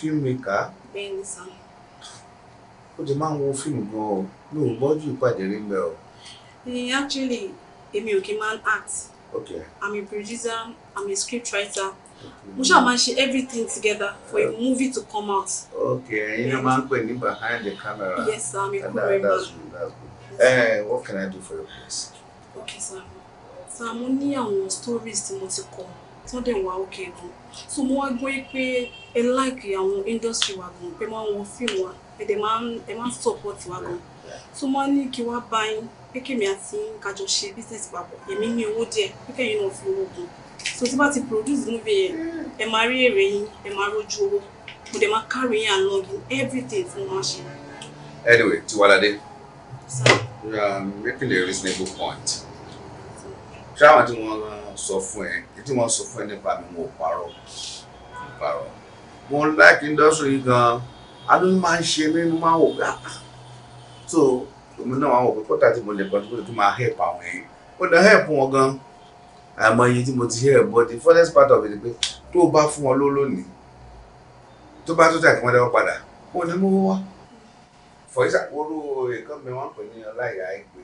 filmmaker. bẹ́ẹ̀ni sàn. ó ti máa ń wo fíìmù gan o mi ò gbọ́ ju ìpàdé rí mbẹ́ o. actually èmi ò kí máa ń act. okay. i'm a producer i'm a script writer mo ṣáà máa ṣe everything together for a movie to come out. okay ẹyin náà máa ń pè ní behind the camera. yes sir i'm a cool man. that's good that's good. Uh, what can I do for you please? okay sir sir mo ní àwọn stories tí mo ti kọ tán dẹ̀ wá òkè gan so mo wá gbọ́ pé ẹ láìkì àwọn industry wa gan pé máa ń wo fíìmù wa ẹ dẹ̀ máa ń ẹ máa ń support wa gan so mo ní kí wá bá yín pé kèmi àti kájọ ṣe business papọ̀ èmi ní owó díẹ̀ pé kẹ́yìn náà fi owó gan so tí bá ti produce movie yẹn ẹ máa rí èrè yín ẹ máa rójú owó mo dẹ̀ máa carry yín along in everything tí mo máa ṣe. anyway Tiwalade you are making a reasonable point ṣé àwọn tí wọ́n sọ fún ẹ tí wọ́n sọ fún ẹ nípa mi mo parọ́ mo parọ́ mo like industry yìí gan adó máa ń ṣe mí mo máa wò pé ah, ah. so èmi náà wọ́n wò pé kọ́tà tí mo lè contribute tó máa help àwọn yẹn ó lè help wọn gan àmọ́ iye tí mo ti help but the first part of it pé tó o bá fún wọn ló lónìí tó bá tó tà kí wọ́n dáwọ́ padà ó ní mú wá for example orú nǹkan mi wọ́n pè ní ọláìyá ìpè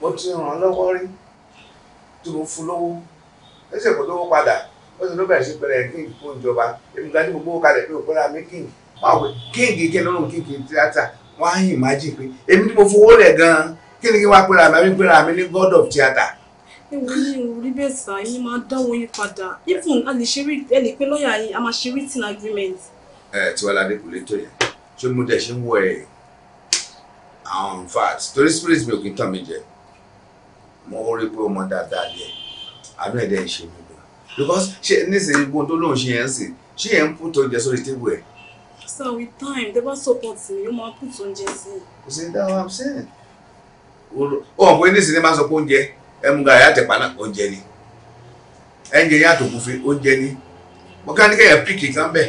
mo ti ràn án lọ́wọ́ rí tó ń fún lówó ó sì kó lówó padà ó sì ló bẹ̀rẹ̀ sí pẹ̀lẹ́ king kó ìjọba èmi gba ní gbogbo kalẹ̀ pé òpẹ́ra mi king máa wẹ̀ king kí lọ́rùn king tíátà wọ́n á yìn májì pé èmi tí mo fowó rẹ̀ gan-an kí ni kí wọ́n á pẹ́ra mi àbí pẹ́ra ní god of theatre rí bẹ́ẹ̀ sá èmi máa dánwò yín padà even a lè ṣe rí ẹ lè pé lọ́ọ̀yà yín a máa ṣe written agreement. ẹ Tiwaladé kò lè tó yẹn ṣé mo dẹ̀ ṣe ń wọ ẹ àwọn in torí spirit mi ò kí ń tàn mí jẹ mo rí pé ọmọ dáadáa lẹ àánú ẹ̀dẹ̀ ń ṣe mí because ṣé nísìnyí tó lóun ṣe yẹn ṣé yẹn ń sórí tébù with time they bá support me yóò máa put oúnjẹ sí i. kò sí dá wa ṣe o ò pé nísìnyí máa sọ pé oúnjẹ ẹ mú gàrí oúnjẹ ni ẹ̀ǹjẹ̀ yẹn àtòkùnfin oúnjẹ ni mọ̀kánikẹ́ yẹn píkì kan bẹ̀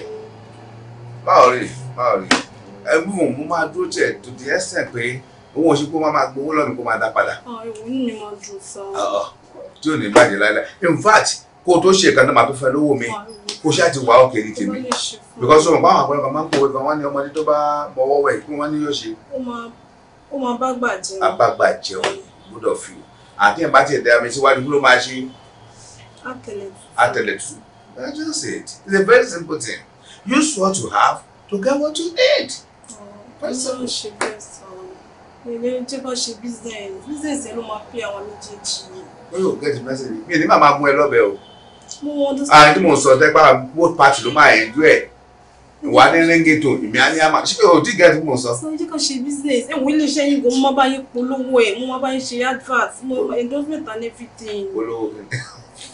báwo rè báwo mo máa dúró tẹ̀ owó oṣù kó máa gbowó lọ́nà kó máa dá padà. ìwọ ah, ní mi máa dùn sọ. Ah, ah, tí ò ní bàjẹ́ láíláí in fact kó o tó ṣe ìkànnì máa tó fẹ́ lówó mi kó ṣáà ti wà òkè ní tèmi because ọmọ báwọn àpẹẹrẹ kan máa ń kó wẹ́pẹ́ wọn ní ọmọdé tó bá mọwọ́ wẹ̀ kí wọ́n ní yóò ṣe. ó máa bá gbà jẹun. abágbà jẹun gbọ́dọ̀ fi àti ẹ̀ bá tiẹ̀ dẹ́ àmì síwájú kí ló máa ṣe. atẹlẹtu. atẹlẹtu that's just it it's a very simple thing use what you have to get what you need. ọ̀rọ̀ ló ṣe bẹ́ẹ̀ sí. Èmi tí kò ṣe business, business ẹ ló máa pé àwọn méjèèjì. Ó yóò get the message. Mi ò ní màmá mú ẹ lọ́bẹ̀ o. Mo understand. Àyìn ah, tí mo sọ tẹ́pá ah, both party ló máa ẹ̀jú ẹ̀. Ìwà ní Rengeto, ìmí á ní àmà. Ṣé o ti get mo sọ? Sọ èjì ṣe business. Ẹ̀wọ̀n ilé iṣẹ́ yín kò mú bá yín polówó ẹ̀, mú bá yín ṣe advert, mú endorsement and everything. Polówó kìíní.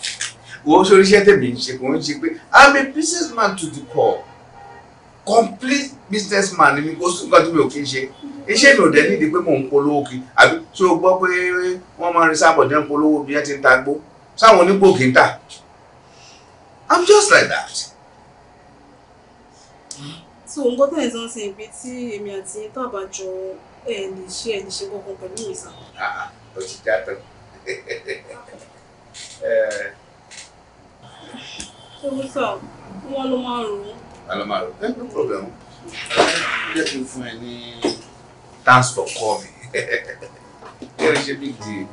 Wo sórí tèmi ń ṣe kò ń ṣe pé I'm a business man to the core complete businessman ni mi kò sí nǹkan mi ò kí ń ṣe iṣẹ́ mi ò dẹ̀ nídìí pé mò ń polówó kí àbí tí o gbọ́ pé wọ́n máa ń rin sábọ̀ jẹ́ ń polówó bí wọ́n ti ń ta gbó sáwọn onígbò kì tà i'm just like that. so nǹkan tẹ̀ ẹ̀ sọ sí ibi tí èmi àti yín tó àbájọ ẹ̀ lè ṣe ẹ̀ lè ṣe kankan pẹ̀lú mi sàn. Ah, ó ti já tán. Eh. ṣé wọ́n sọ wọ́n ló máa ń rò ó alọ́màrò ẹ no problem jẹ́ kí n fún thanks for calling kẹ́rì a big deal.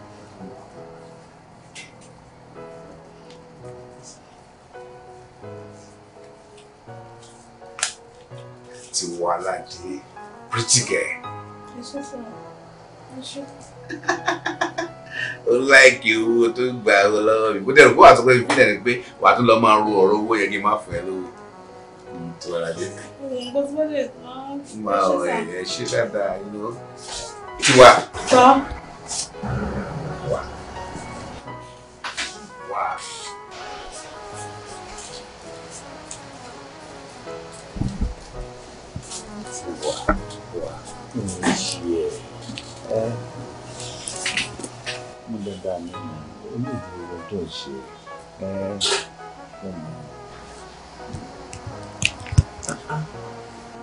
ti wà ládé pretty girl. ẹ ṣe sọ ẹ ṣe ó láìkí owó tó gbà owó lọ́wọ́ mi kó dẹ̀ kó wà tó pé ìpínlẹ̀ ni pé wà á tún lọ máa ro ọ̀rọ̀ owó yẹn kí n má tó ara jẹ. máa ọ ẹ ṣe dáadáa inú tiwa. wà wà. wà wà ń ṣe ẹ mo dáadáa mi ò ní ìdúró tó ń ṣe ẹ mo mọ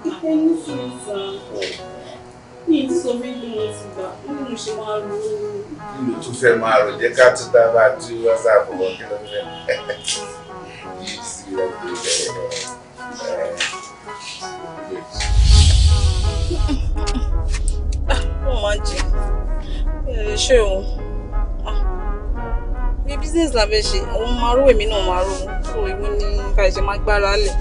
ìfẹ́ ní sùúrù fún ọkọ ní ìdí sọ fún ìlú wọn ti gbà ó lè ṣe máa ro oorun. ìlú tún fẹ́ máa rò jẹ́ ká tún dábàá tí wọ́n ṣàfọwọ́ kí ló fẹ́ yìí sí ọdún ìbẹ̀rẹ̀ náà. ó máa jẹ ẹ ṣé o ah. bí business la fẹ́ ṣe òun máa ró èmi náà máa ró ìwọ ni báyìí ṣe máa gbára lẹ̀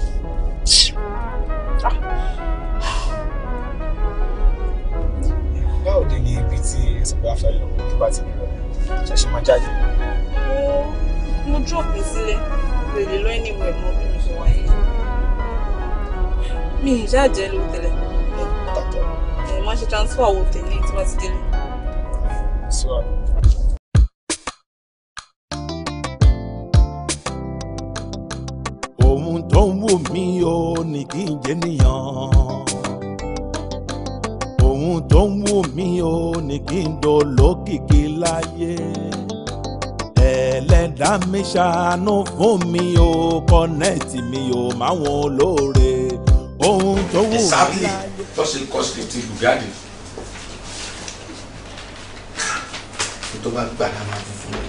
báwo dé ní ibi tí ẹsẹ̀ bá fẹ́ lọ nígbà tí mi rọ̀ ṣẹ̀ṣẹ̀ máa jáde. mo mo drop mi sílẹ̀ mi ò lè lọ anywhere mọ́ bí mo ṣe wáyé mi ì jáde ló tẹ̀lé ẹ̀ máa ṣe transfer owó tẹ̀lé tí wọ́n ti délé. ohun tó ń wù mí o kì í jẹ́ nìyàn ohun tó ń wù mí o ní kí n dolókìkí láyé ẹlẹ́dá mi ṣàánú fún mi o kọ́nẹ́ẹ̀tì mi o máwọn olóore ohun tó wù mí ìsáàbì tó ṣe kọ́sìkì ti lùgádì tó bá gbà náà máa fún fún mi.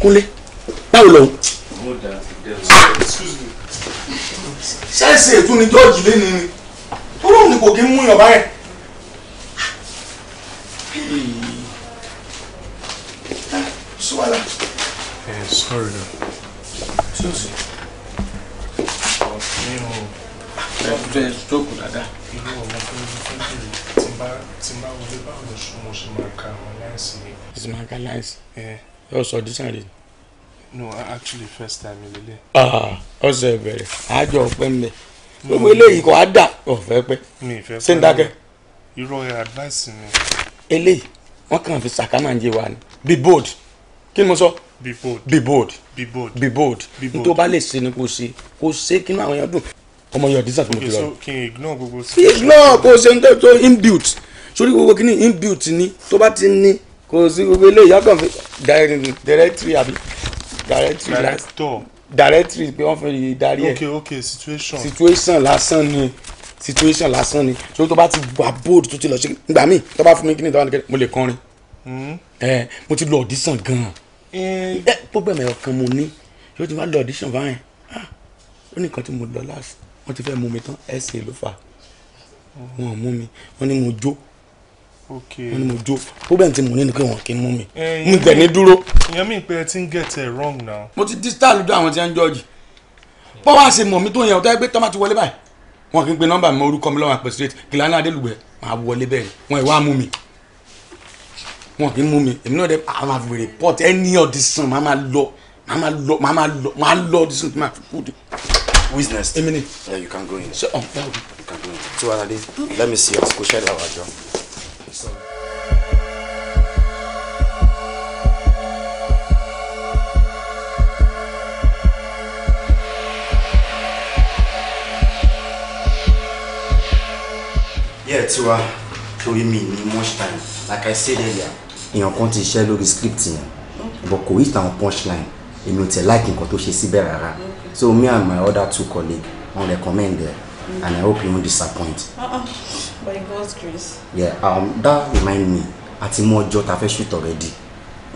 kúnlé báwo lòun ṣẹ́ẹ̀sì ètò ni jọ́ọ̀jì lé nínú tó lóun ni kò kí ń mú yàn báyẹn. suwala. ẹ sọ̀rọ̀ lọ. tí o sì. ọ̀sẹ̀ o. ẹ jẹ́ jókòó dáadáa. irú ọmọ tó ń fẹ́ bèrè tí n bá tí n bá wọlé báwo ni mo ṣe máa ka àwọn láìsí. ìsìnmáka láìsí. ẹ eh. yóò sọ no actually first time ilele. Ah, ọsẹ bẹ̀rẹ̀ àjọ ọpẹ mbẹ mm. gbogbo eléyìí kò á dà ọfẹ pẹ ṣé n dákẹ́. irọ́ ẹ advice mi. eléyìí wọn kàn fi sàkámà ń jẹ wa ni be bold kí ni mo sọ. be bold be bold be bold be bold nítorí o bá lè ṣe ni kò ṣe kò ṣe kí ni àwọn èèyàn dùn ọmọ yóò dísà tó mo ti lọ. kí n ignore gbogbo. kí n ignore kò ṣe n tó tó inbuilt sórí gbogbo kí ni inbuilt ni tó bá ti ní kò sí gbogbo eléyìí yọkàn fi directory àbí directory director directory pé wọ́n fẹ́ lè darí ẹ̀ situation situation lásán ni situation lásán ni so tó bá ti wà bold tó ti lọ ṣe gbà mí tó bá fún mi kíni tó bá ní kẹ́kẹ́ mo lè kọrin hmm. ẹ mo ti lọ audition gan-an eh. ẹ problem ẹ̀yọ̀ kan mo ní yóò ti wá lọ audition báyẹn ah, ó ní nǹkan tí mo lọ last wọ́n ti fẹ́ mú mi tán ẹ̀sìn ló fà wọ́n mú mi wọ́n ní mo jó okay. wọ́n ní mo jó problem ti mú ní ni pé wọ́n kì í mú mi eh, mú gbẹ̀ ní dúró. ìyẹn mi pe ẹ ti ń get it wrong now. mo ti distal lọ́dọ̀ àwọn tí wọ́n ń jọ́ọ̀jì bọ́wọ́ àṣẹ mọ̀ mi tó yẹn ọ̀tá ẹgbẹ́ tó máa ti wọlé báyìí wọn kì í pe nọ́mbà mi orúkọ mi lọ́wọ́ àpè straight Gilani Adélùgbẹ́ máa wọlé bẹ́ẹ̀ ni wọn ìwà mú mi wọn kì í mú mi èmi náà dẹ àwọn àfìwèrè port ẹni audition máa máa lọ máa máa lọ máa máa lọ máa lọ audition tó máa fi kú de. who is next. èmi ni. you can go in. ṣe ọ̀n fẹ́ràn. you can go in. tiwara de let me see your social hour jọ. So. Yeah, Tiwa, torí mi ní much time. Like I said earlier, in your ti ṣiṣẹ́ the script yẹn, but kò reach àwọn punchline. Èmi ò a like nǹkan tó ṣe síbẹ̀ rárá. So me and my other two colleagues, wọ́n recommend there, and I hope you won't disappoint. Uh -uh. By God's grace. Yeah, um, that remind me. Àti mú ọjọ́ ta fẹ́ shoot already.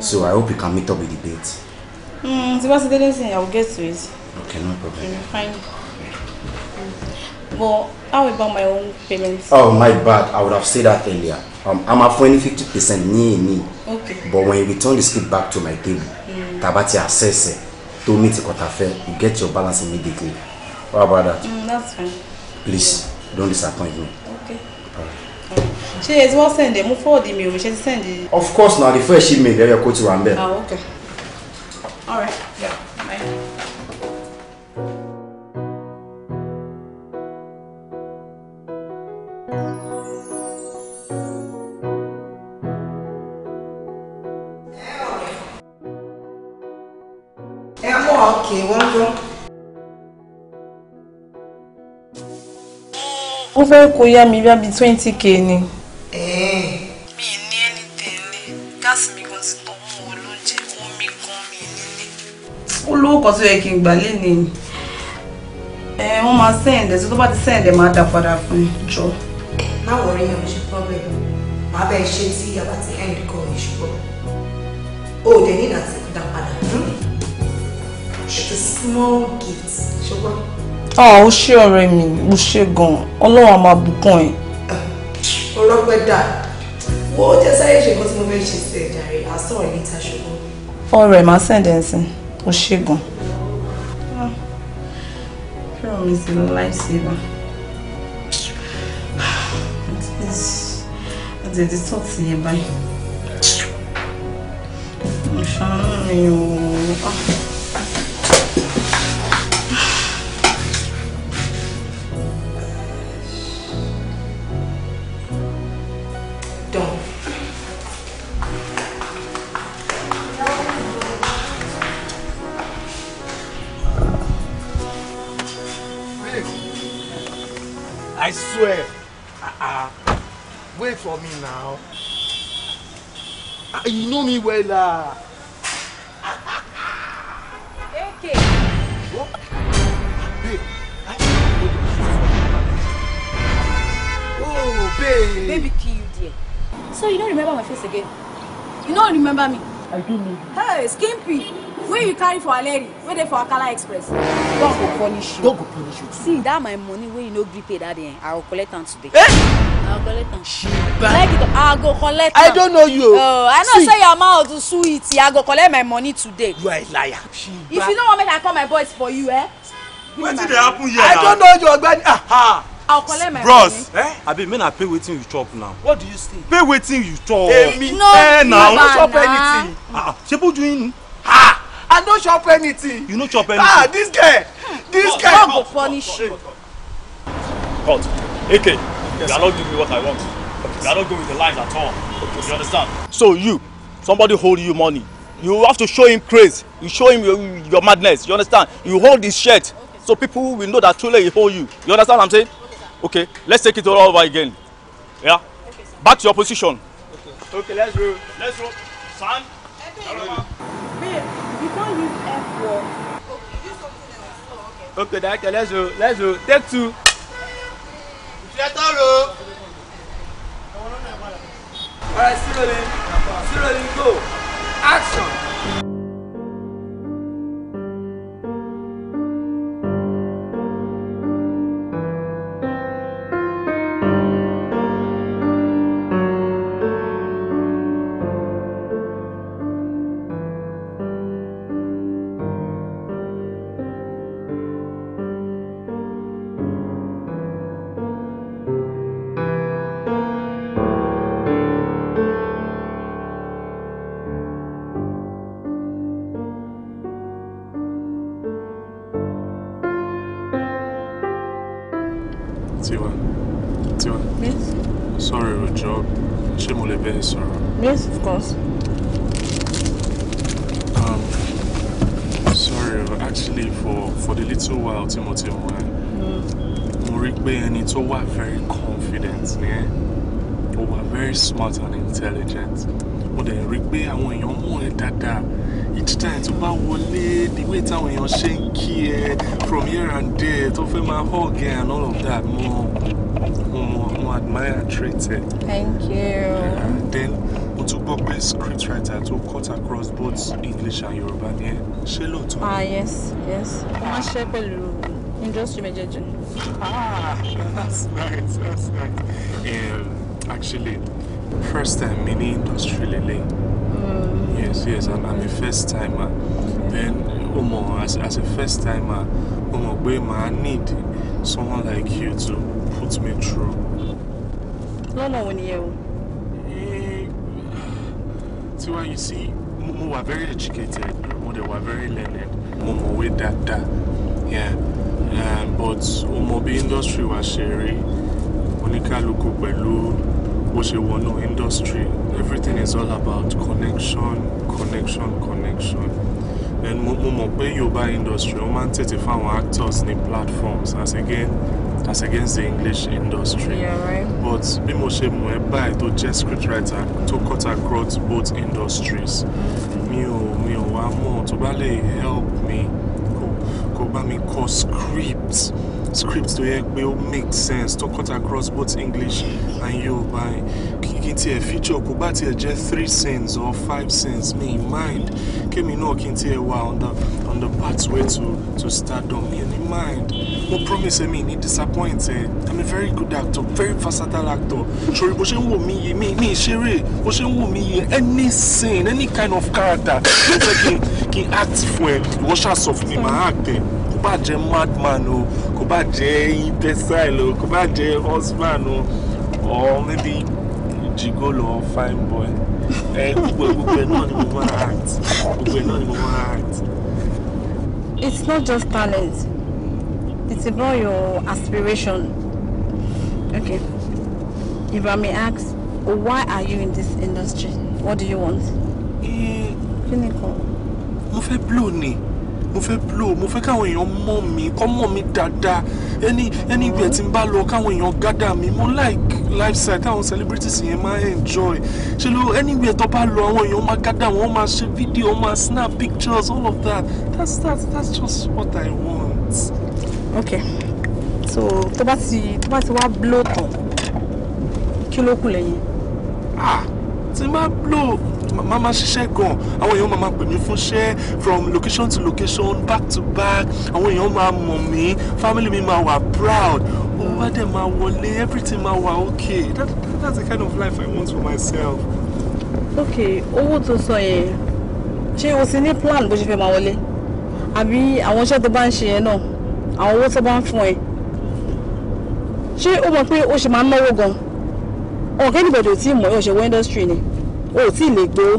So I hope you can meet up with the date. Mm, tí bá the délé thing I will get to it. Okay, no problem. You will Mm. But how about my own payments? Oh, my bad. I would have said that earlier. Um, I'm at fifty percent ní èmi. Okay. But when you return the script back to my table, mm. tá a to meet nǹkan tá a you get your balance immediately. How about that? Mm, that's fine. Please, don't disappoint me ṣé ẹ ti wọ́n send mú fọ́ọ̀dì mi ò mi ṣe ti send. of course na the first shipment ẹ yẹ kó ti wà ń bẹ̀. ah okay all right yeah. Bye. ó fẹ́ kó yá mi bá bíi twenty k ni. nǹkan tó yẹ kí n gbà lé ni ẹ wọ́n máa send tó bá ti send máa dà padà fún jọ. máwọ̀ rí yẹn mo ṣe problem màá bẹ́ẹ̀ ṣe tí yàrá ti end kọ́ mi ṣùgbọ́n o ò dẹ̀ ní ìdàtí dà padà. it's a small gift ṣùgbọ́n. a ah, ò ṣe ọ̀rẹ́ mi mo ṣe gan-an ọlọ́run á máa bùkún ẹ̀. ọlọ́pẹ́ dà wo jẹ́ sáré ṣe nǹkan tí mo fẹ́ ṣe sí ẹ̀jà rẹ̀ àsọ̀rọ̀ níta ṣùgbọ́n. ọ̀rẹ́ màá send ẹ̀ sí o ṣe gan Mom is a lifesaver. It is. It is not nearby. I'm sure you. Oh. i do need you. hey skimpy Where you carry for aleri Where they for akala express god go punish you god go punish you see that my money Where you no gree pay that day i go collect them today. Eh? i collect am. like it i go collect am. i don't know you. Uh, i know say your mouth sweet i go collect my money today. you are a liar. if you no wan make i call my boys for you eh. wetin dey happen here na. i don't know you ogbeni. I'll collect my Bros, money. Eh? Abi, may I pay waiting you chop now? What do you say? Pay waiting you chop. Emi. No, eh, now. You don't chop anything. Ah, Shebu doing. Ah, I don't chop anything. You no chop ah, anything. Ah, this guy. This hmm. guy. God go punish you. God, AK, yes, you are not doing what I want. You are not going with the lines at all. You understand? So you, somebody hold you money. You have to show him craze. You show him your, your madness. You understand? You hold his shirt. So people will know that truly he hold you. You understand what I'm saying? Okay, let's take it all over again. Yeah? Okay, Back to your position. Okay, okay let's roll. Let's roll. Sam? Babe, you can't use F word. Okay, use something else. Oh, okay. Okay, director, let's roll. Let's roll. Take two. Alright, see rolling. See rolling, go. Action. tó cut across both English and Yorùbá ni ẹ ṣé lóòótọ́. ah yes yes wọ́n ṣe pẹ̀lú industry méjèèjì. ah that's nice that's nice um, actually first time mi ní industry lele. Mm. yes yes I'm, I'm a first timer then omo oh, as, as a first timer omo pé màá need someone like you to put me through. lọ́nà wo ni yẹ o tiwa you see mo wà very educated mo dẹ̀ wà very learned with that, that, yeah um, but o mọ bí industry wa ṣe rí oníkálukú pẹ̀lú bó ṣe wọnú industry everything is all about connection connection connection Then mo mọ̀ pé Yorùbá industry ó máa ń tètè actors ní platforms as again as against the English industry yeah, right. but bí mo ṣe mọ̀ ẹ́ scriptwriter To cut across both industries mi ò mi ò wá mọ̀ to bá lè help me kó kó bá mi kọ script script tó yẹ pé ó make sense to cut across both English and Yorùbá kí tiẹ̀ feature kó bá tiẹ̀ jẹ́ three cents or five cents me in mind kémi náà kí n tiẹ̀ wá on the on the path way to to stardom yẹn mind. Mo promise mi ni disappoint ẹ. I'm a very good actor, very versatile actor. Ṣòrí bó ṣe ń wò mí yìí, mi mi ṣeré, bó ṣe ń wò mí yìí, any scene, any kind of character, ló fẹ́ kí n kí n act fún ẹ, ìwọ ṣàṣọ fún mi, màá act Kò bá jẹ́ madman o, kò bá jẹ́ imbecile o, kò bá jẹ́ husband o, or maybe jigolo or fine boy. Ẹ gbogbo gbogbo ẹ náà ni mo máa act, gbogbo ẹ náà ni mo máa act. It's not just talent. It's about your aspiration. Okay. If I may ask, why are you in this industry? What do you want? Clinical. Eh, mo fẹ́ blow ni. Mo fẹ́ blow. Mo fẹ́ káwọn èèyàn mọ̀ mí, kọ́ mọ̀ mí dáadáa. Ẹni ẹni ibẹ̀ tí n bá lọ káwọn èèyàn mi. Mo like lifestyle táwọn celebrities yẹn máa enjoy. Ṣé ló anywhere tó bá lọ àwọn èèyàn máa gádà wọn, wọ́n máa ṣe fídíò, snap pictures, all of that. That's that's that's just what I want ok so tó bá ti tó bá ti wá blow tán kí ló kù lẹ́yìn. ah ti máa blow màá máa ṣiṣẹ́ gan àwọn èèyàn máa máa pè mí fúnṣẹ́ from location to location back to back àwọn èèyàn máa mọ̀ mí family mi máa wà proud owó á máa wọlé everything máa wà okay that, that, that's the kind of life I want for myself. ok owó tó sọ yẹn ṣé o ti ní plan bó ṣe fẹ́ máa wọlé àbí àwọn iṣẹ́ tó bá ń ṣe yẹn náà àwọn owó tó bá ń fún ẹ ṣé o mọ̀ pé o ṣe máa ń náwó gan ọ̀hún kẹ́ni bọ̀dọ̀ ò tí ì mọ̀ ẹ́ òṣèwọ́ industry ni o ò tí ì lè gbé o.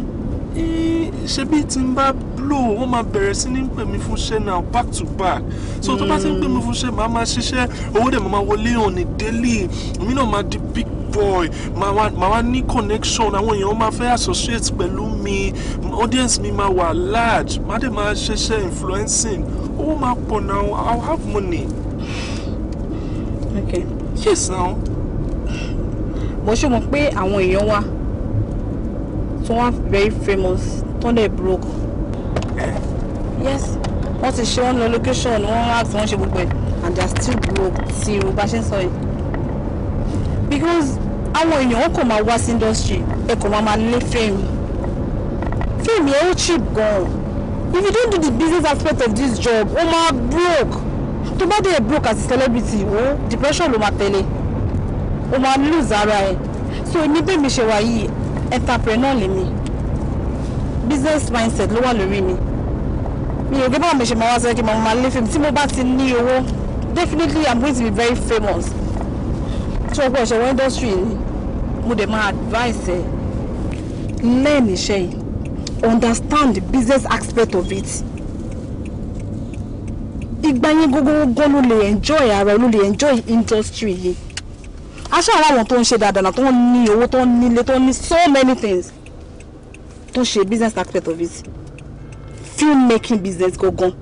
ṣé bí tí n bá blow wọ́n máa bẹ̀rẹ̀ sí ní pè mí fún iṣẹ́ náà back to back so tó bá ti ń pè mí fún iṣẹ́ màá máa ṣiṣẹ́ owó dẹ̀ máa wọlé on a daily èmi náà máa di big boy màá wá ní connection àwọn èèyàn máa fẹ́ associate pẹ̀lú mi audience mi máa wà large má dé máa ṣẹṣẹ influencing owó máa pọ̀ now I'll have money. okay. yes now. mo ṣe mọ̀ pé àwọn èèyàn wa tí wọ́n very famous tó dẹ̀ broke. yes wọ́n ti ṣe wọ́n lọ location wọ́n ask wọ́n ṣe gbogbo ẹ̀ and they are still broke till bá ṣe ń sọ yìí because àwọn èèyàn ó kò máa wá sí industry ẹ kò máa máa lé fíìmù fíìmù yẹn ó cheap gan if you don't do the business aspect of this job ó máa broke tó bá dé broke as a celebrity ó depression ló máa tẹ̀lé ó máa lose ara ẹ̀ so ní bẹ́ẹ̀ mi ṣe wà yìí entrepreneur lèmi business mindset ló wà lórí mi mi ò gé báwọn mi ṣe máa wá sọ pé kí n máa lé fíìmù tí mo bá ti ní owó definitely i'm going to be very famous tí ọ̀pọ̀ ẹ̀ṣẹ̀ wọ industry yìí mo dẹ̀ máa advice ẹ̀ learn iṣẹ́ yìí understand the business aspect of it ìgbà yẹn gbogbogbò ló lè enjoy ara ẹ ló lè enjoy industry yìí aṣọ àwọn àwọn tó ń ṣe dáadáa tó ń ní owó tó ń nílé tó ń ní so many things tó ṣe business aspect of it film making business gangan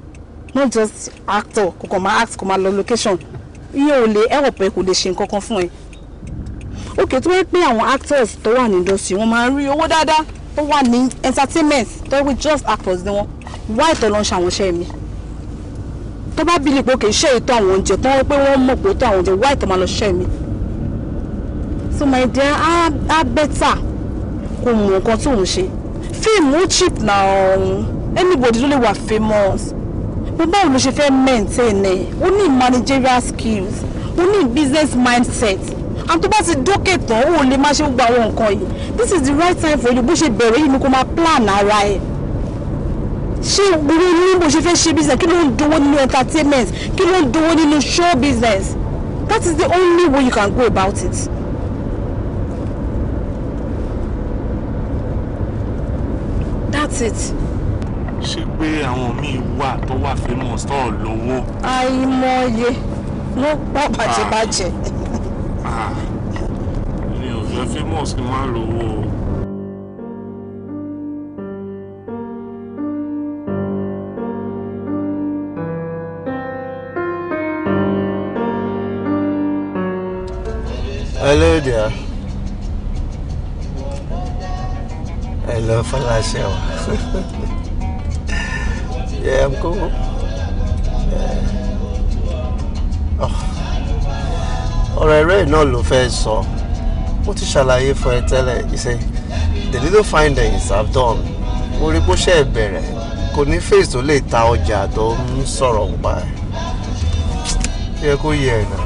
not just actor kò kàn máa act kò máa lọ location iye ò lè ẹ̀wọ̀ pé kò lè ṣe nǹkan kan fún ẹ òkè tó wáyé pé àwọn actors tó wà ní industry wọn máa ń rí owó dáadáa tó wà ní entertainment tó wí just actors ni wọn wá ìtọ́ lọ ń ṣe àwọn iṣẹ́ mi tó bá bílí pé òkè iṣẹ́ ètò àwọn oúnjẹ tó wọ́n pé wọ́n mọ̀ pé ètò àwọn oúnjẹ wá ìtọ́ máa lọ ṣiṣẹ́ mi so my dear á á bẹ́tà kò mọ nǹkan tó ń ṣe fíìmù cheap na ọ̀hún anybody ló lè wà famous mo báwo ló ṣe fẹ́ maintain ẹ̀ o ní managerial skills o ní business mindset and tó bá ti dókè tán ó lè má ṣe gbogbo àwọn nǹkan yìí this is the right time for you bó ṣe bẹ̀rẹ̀ yìí ni kó máa plan ara ẹ̀ ṣé gbogbo ní bó ṣe fẹ́ ṣe business kí ló ń dowó nínú entertainment kí ló ń dowó nínú show business that is the only way you can go about it. that's it. ṣé pé àwọn míì wà tó wà famous tó lówó. àìmọye ló pọ̀ bàjẹ́ bàjẹ́. Ah mi ò fẹ́ famous kí n má lówó Hello there. Hello, Falasio. yeah, I'm cool. Yeah. Oh ọ̀rọ̀ eré náà ló fẹ́ sọ mo ti ṣàlàyé fún ẹ tẹ́lẹ̀ ṣe the little findings I've done mo rí bó ṣe bẹ̀rẹ̀ kò ní face tó lè ta ọjà tó ń sọ̀rọ̀ pa ẹ̀ yẹ kó yẹ ẹ̀ náà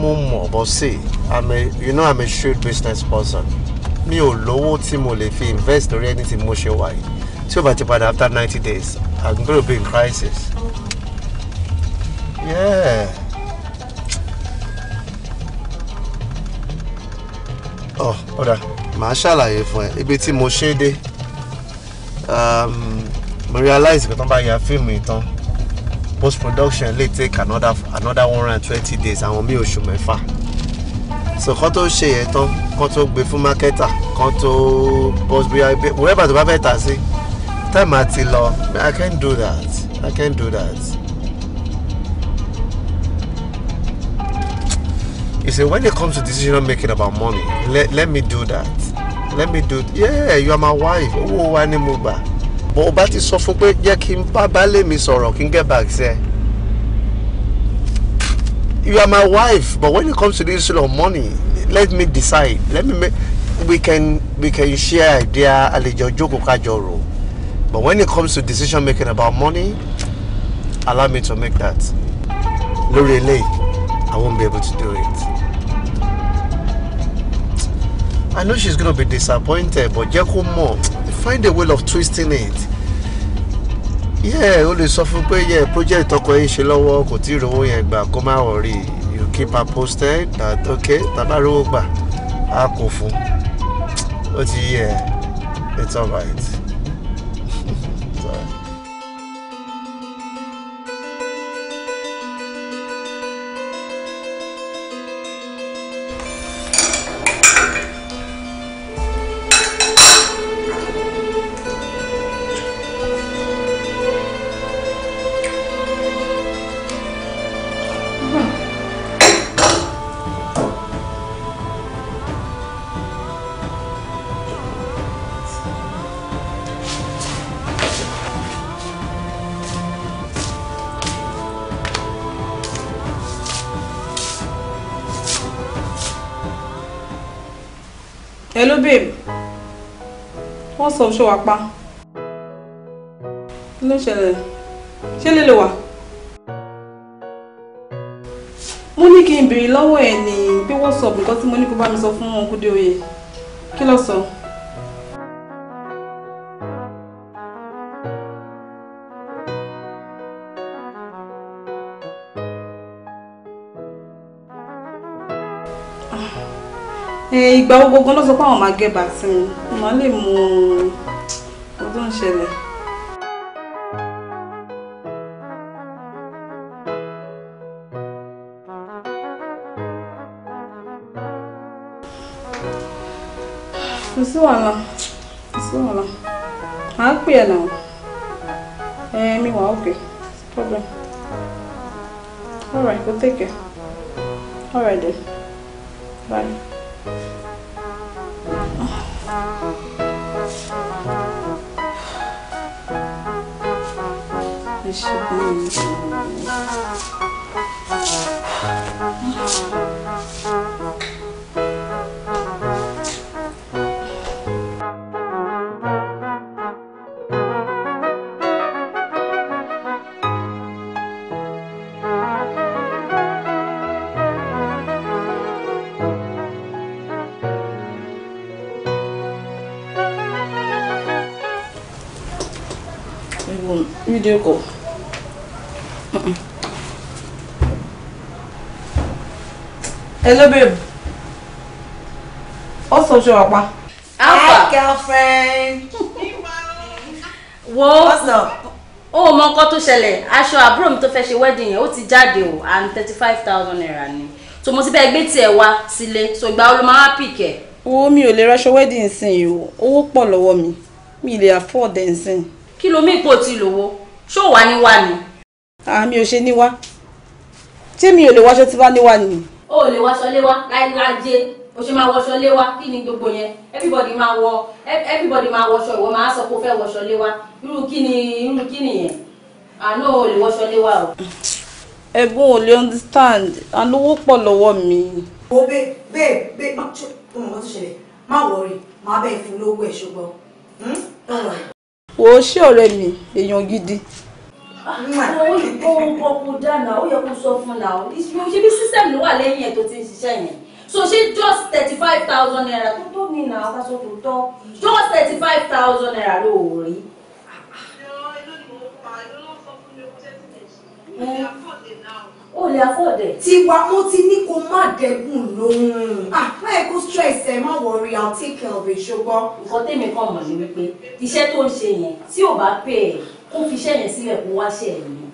mo mọ̀ bọ́ sí i'm a you know i'm a shrewd business person mi ò lówó tí mo lè fi invest lórí anything mo ṣe wáyé tí ó bá ti padà after ninety days i'm gonna be in crisis. Yeah. Oh, ọ̀dà. Màá ṣàlàyé fún ẹ. Ibi tí mo ṣe dé. Um, mo realize pé tán bá ya fíìmù yìí post production lè take another another one hundred and twenty days àwọn bí oṣù mẹ́fà so kán tó ṣe yẹn tán kán tó gbé fún marketer kán tó post bí wẹ́ẹ̀bà tó bá fẹ́ tà sí time àti lọ I can do that I can do that. You say when it comes to decision making about money, let, let me do that. Let me do, yeah, you are my wife. Oh, wa ni mo gbà. Bó o bá ti sọ fún pé jẹ́ kí n bá baálé mi sọ̀rọ̀ kí n get back sẹ́. You are my wife, but when it comes to the issue of money, let me decide. Let me make, we can we can share idea àlejò jókòó kájọ But when it comes to decision making about money, allow me to make that. Lórí eléyìí, I won't be able to do it. I know she's gonna be disappointed but jẹ́ kó find a way of twisting it yeah only lè sọ yeah project ọkọ yìí ṣe lọ́wọ́ kò tí ì rówó yẹn gbà you keep her posted that okay tàbá rówó gbà á kò fún it's alright. WhatsApp ṣé wàá pa kí ló ṣẹlẹ̀ ṣé lè lè wà. mo ní kí n béèrè lọ́wọ́ ẹ̀ ní pé WhatsApp nǹkan tí mo ní kó bá mi sọ fún ọkùnrin oyè kí ló sọ. So? ìgbà wo gbogbo ló sọ pé àwọn máa gé bá sí mi màá lè mú ohun tó ń ṣẹlẹ̀. kò sí wàhálà kò sí wàhálà màá pè ẹ́ náà ẹ mi wà ókè problem all right go take care all right then bye. Video call. Hello, babe. What's up, Shawapa? Alpha. Hi, girlfriend. Whoa. What's up? ó mọ nǹkan tó ṣẹlẹ̀ aṣọ àbúrò mi tó fẹ́ ṣe wedding yẹn ó ti jáde o and thirty five thousand naira so mo ti bẹ́ẹ̀ gbé tiẹ̀ wá sílé so ìgbà olùmọ̀ wá pìkẹ́. owó mi ò lè raṣọ wedding sing yìí o owó pọ̀ lọ́wọ́ mi mi lè afford ẹ̀ sìn. kí ló mí ipò Show lówó one. Ah, ní wá ni. one. Ah, ò ṣe ní wá tí mi one. lè o lè wọṣọ léwá láyé o ṣe máa wọṣọ léwá kí ni gbogbo yẹn everybody máa wọ everybody máa wọṣọ ìwọ máa sọ pé o fẹ́ wọṣọ léwá irú kí ni irú kí ni yẹn àná o lè wọṣọ léwá o. ẹ̀gbọ́n ò lè understand alówó pọ̀ lọ́wọ́ mi. o bẹ́ẹ̀ bẹ́ẹ̀ bẹ́ẹ̀ má tó mọ̀ tó ṣẹlẹ̀ má wọrí má bẹ́ẹ̀ fún lówó ẹ̀ ṣùgbọ́n. Hmm? ó ṣe ọ̀rẹ́ mi èèyàn gidi àwọn òyìnbó bọ́ kó dáná ó yẹ kó sọ fún náà ṣe bí system ló wà lẹ́yìn ẹ̀ tó ti ń ṣiṣẹ́ yẹn so ṣe just thirty five thousand naira tó tó ní náà aṣọ tó tọ́ just thirty five thousand naira ló rí. o lè afọ́ọ̀dẹ̀. tiwa mo ti ní kó má dẹ́gùn lóhùn. àpá ẹ̀ kó stress ẹ̀ má worry I'll take care of it ṣùgbọ́n. nǹkan tèmi kàn mọ̀ ni wípé iṣẹ́ tó ń ṣe yẹn tí ò bá pè é kó fi iṣẹ́ yẹn sílẹ̀ kó wá ṣe ẹ̀yìn mi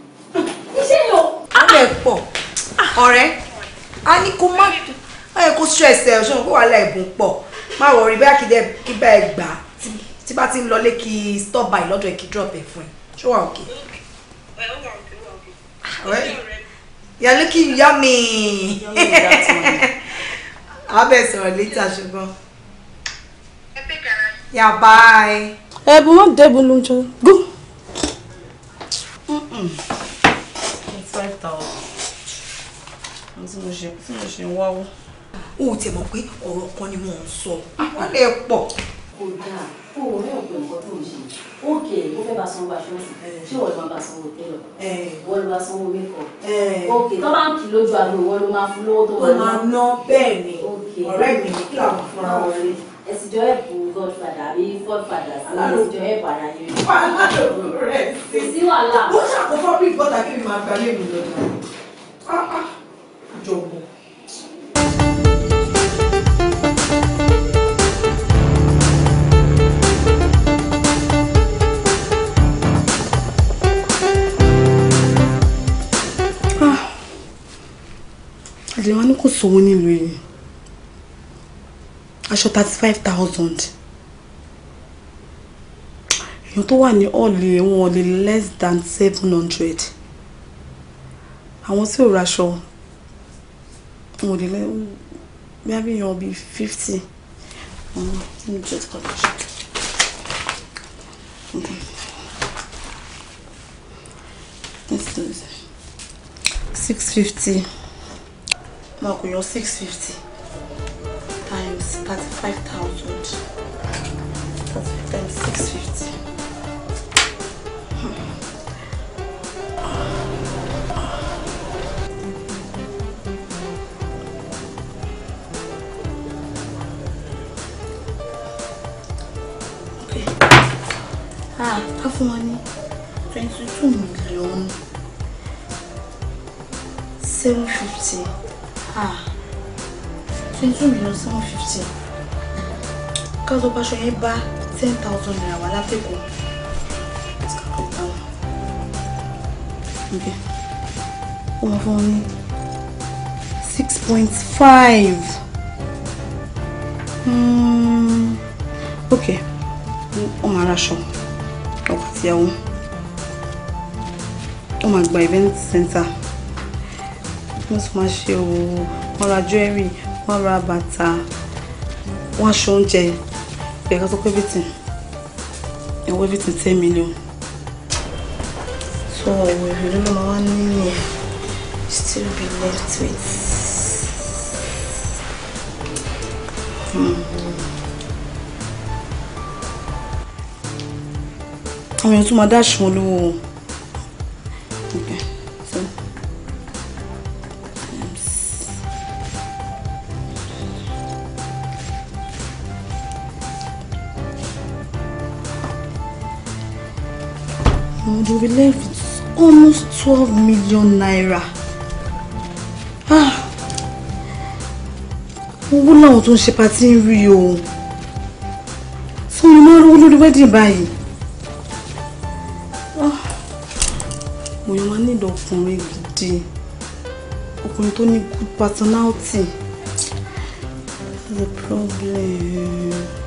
iṣẹ́ yẹn o. alẹ́ pọ̀ ọ̀rẹ́ a ní kó má ẹ kó stress ẹ ṣọ́n kó wàhálà ẹ̀bùn pọ̀ má wọ orí bí akíndé kí bá ẹ gbà tí bá ti ń lọlé kí stop by lọ́dọ̀ ẹ kí drop ẹ fún ẹ ṣó wà òkè. You're looking yummy. I'll be sorry later, sugar. Yeah, bye. Hey, but what devil, Go. Mm-mm. It's five thousand. Tí mo ṣe tí mo ṣe ń wáwó. O ò tẹ̀ mọ̀ pé ọ̀rọ̀ kan ni mò ń sọ. Wọ́n ah, lè pọ̀. Kò dáa, kó o rí ọ̀pọ̀ nǹkan tó ń ṣe. Ókè ó fẹ́ bá sanwó aṣọ Ṣé wọ́n ló máa bá sanwó tẹ́lọ̀? Wọ́n ló máa sanwó mẹ́kọ̀. Ókè tó bá ń kì lójú àgbo, wọ́n ló máa fún lówó tó wọlé. Ó máa ná bẹ́ẹ̀ ni. Ọ̀rẹ́ mi ní kí làwọn fúnra wọlé ẹsì jọ ẹ̀bùn godfather àbí godfather sí ẹsì jọ ẹ̀bùn ara yín. wàhálà ló rẹ̀ sí. kò sí wàhálà. ó ṣàkóso bí bọ́dà kí n máa gbalẹ̀ mi lọ́dọ̀. Ah, ah. jọ̀bọ̀. Ah. àdìrẹ́ wọn ni kò sówó nílùú yìí aṣọ thirty five thousand èèyàn tó wà ní ọ̀lẹ̀ wọn ọ̀lẹ̀ less than seven hundred àwọn tí ò raṣọ wọn ò lè lẹ́ bí a bí yan bíi fifty. Let me just publish it. Okay. Let's do this. 650. Mark, you're 650 is thirty five thousand thirty times six fifty. Ah, ká fún twenty two million seven fifty. Ah twenty million seven fifty káàtó báṣọ yẹn bá ten thousand naira wà látẹ̀kọ́ let's calculate that okay ó máa fún mi six point five hmm. okay ó máa raṣọ ọkọ àtìyàwó ó máa gba event center mo sì máa ṣe òwò ọ̀rọ̀ àjọ ẹ̀rí wọ́n ra bàtà wọ́n aṣọ oúnjẹ ìgbẹ́ka tó pé everything ìwọ everything ten million so ọ̀wọ̀ ìrírí ló máa wá nínú still be left with. Hmm. àwọn èèyàn tún máa dáṣù wọn lówó and be left with almost 12 million naira. Ah, làwọn tó ń ṣe patí ń rí o fún mi máa ń rówó lórí wedding báyìí. Ah. mo we máa nílò ọkùnrin gidi ọkùnrin tó ní good personality that's the problem.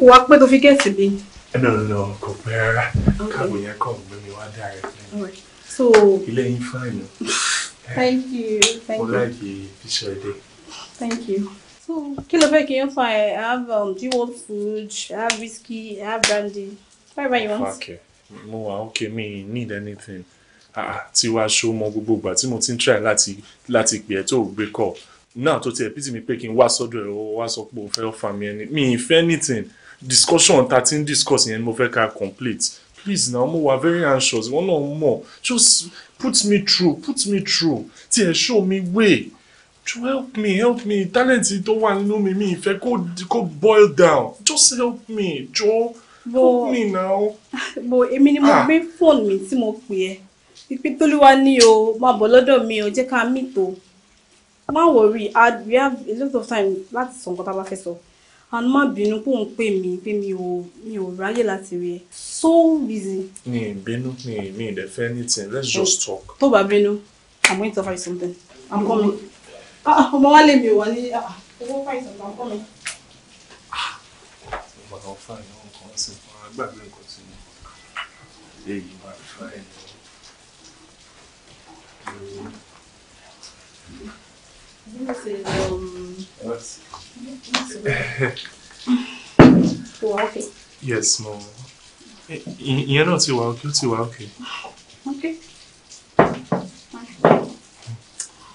kò wá pé tó fi gẹ̀ẹ́tì mi. Eh, no no no kò pẹ́ rárá káàbù yẹn kọ̀ gbé mi wá direct. so ilé yín fáìlì. thank you thank you. mo láì di picture ẹ̀dẹ̀. thank you. so kí ló fẹ́ kí n fa ẹ̀ i have um, do you want food i have whiskey i have brandy whatever you want. Okay. mo wà okay mi need anything ah, ah, tí wàá ṣó mọ gbogbo ìgbà tí mo ti ń try láti láti pè ẹ́ tó gbé kọ̀ náà tó tiẹ̀ pítì mi pé kí n wá sọ́dọ̀ ẹ̀ wá sọ pé o fẹ́ fà mí ẹni mi ì fẹ́ anything discussion ta ti ń discuss yẹn mo fẹ́ ká complete please now mo wà very anxious wọn náà mọ̀ just put me through put me through tí ẹ show me way to help me help me talent tó wà nínú mi mi ìfẹ́ kó kó boil down just help me jọ̀ọ́ help me now. bo èmi ni mo ah. gbé fóònù mi tí mo pè ẹ́ pípín tóluwa ní o máa bọ̀ lọ́dọ̀ mi o jẹ́ ká mí tó má worry we have a lot of time láti sọ nǹkan tá a bá fẹ́ sọ. So and má bínú pé òun pè mí pé mi ò mi ò ráyè láti rí ẹ so busy. mi ì bínú mi ì mi ì dẹ fẹ́ anything let's just talk. tó bá bínú i'm going to find something i'm coming. Ah, ọmọ wa lè mi wà ní ah, ah. owó find something i'm coming. ọmọ kan fáìn náà kan sí ọmọ agbàgbé nǹkan sí mi. èyí máa fáìn. Thank you. Um, What's yes mo ìyẹn náà ti wà òkè ó ti okay. Okay.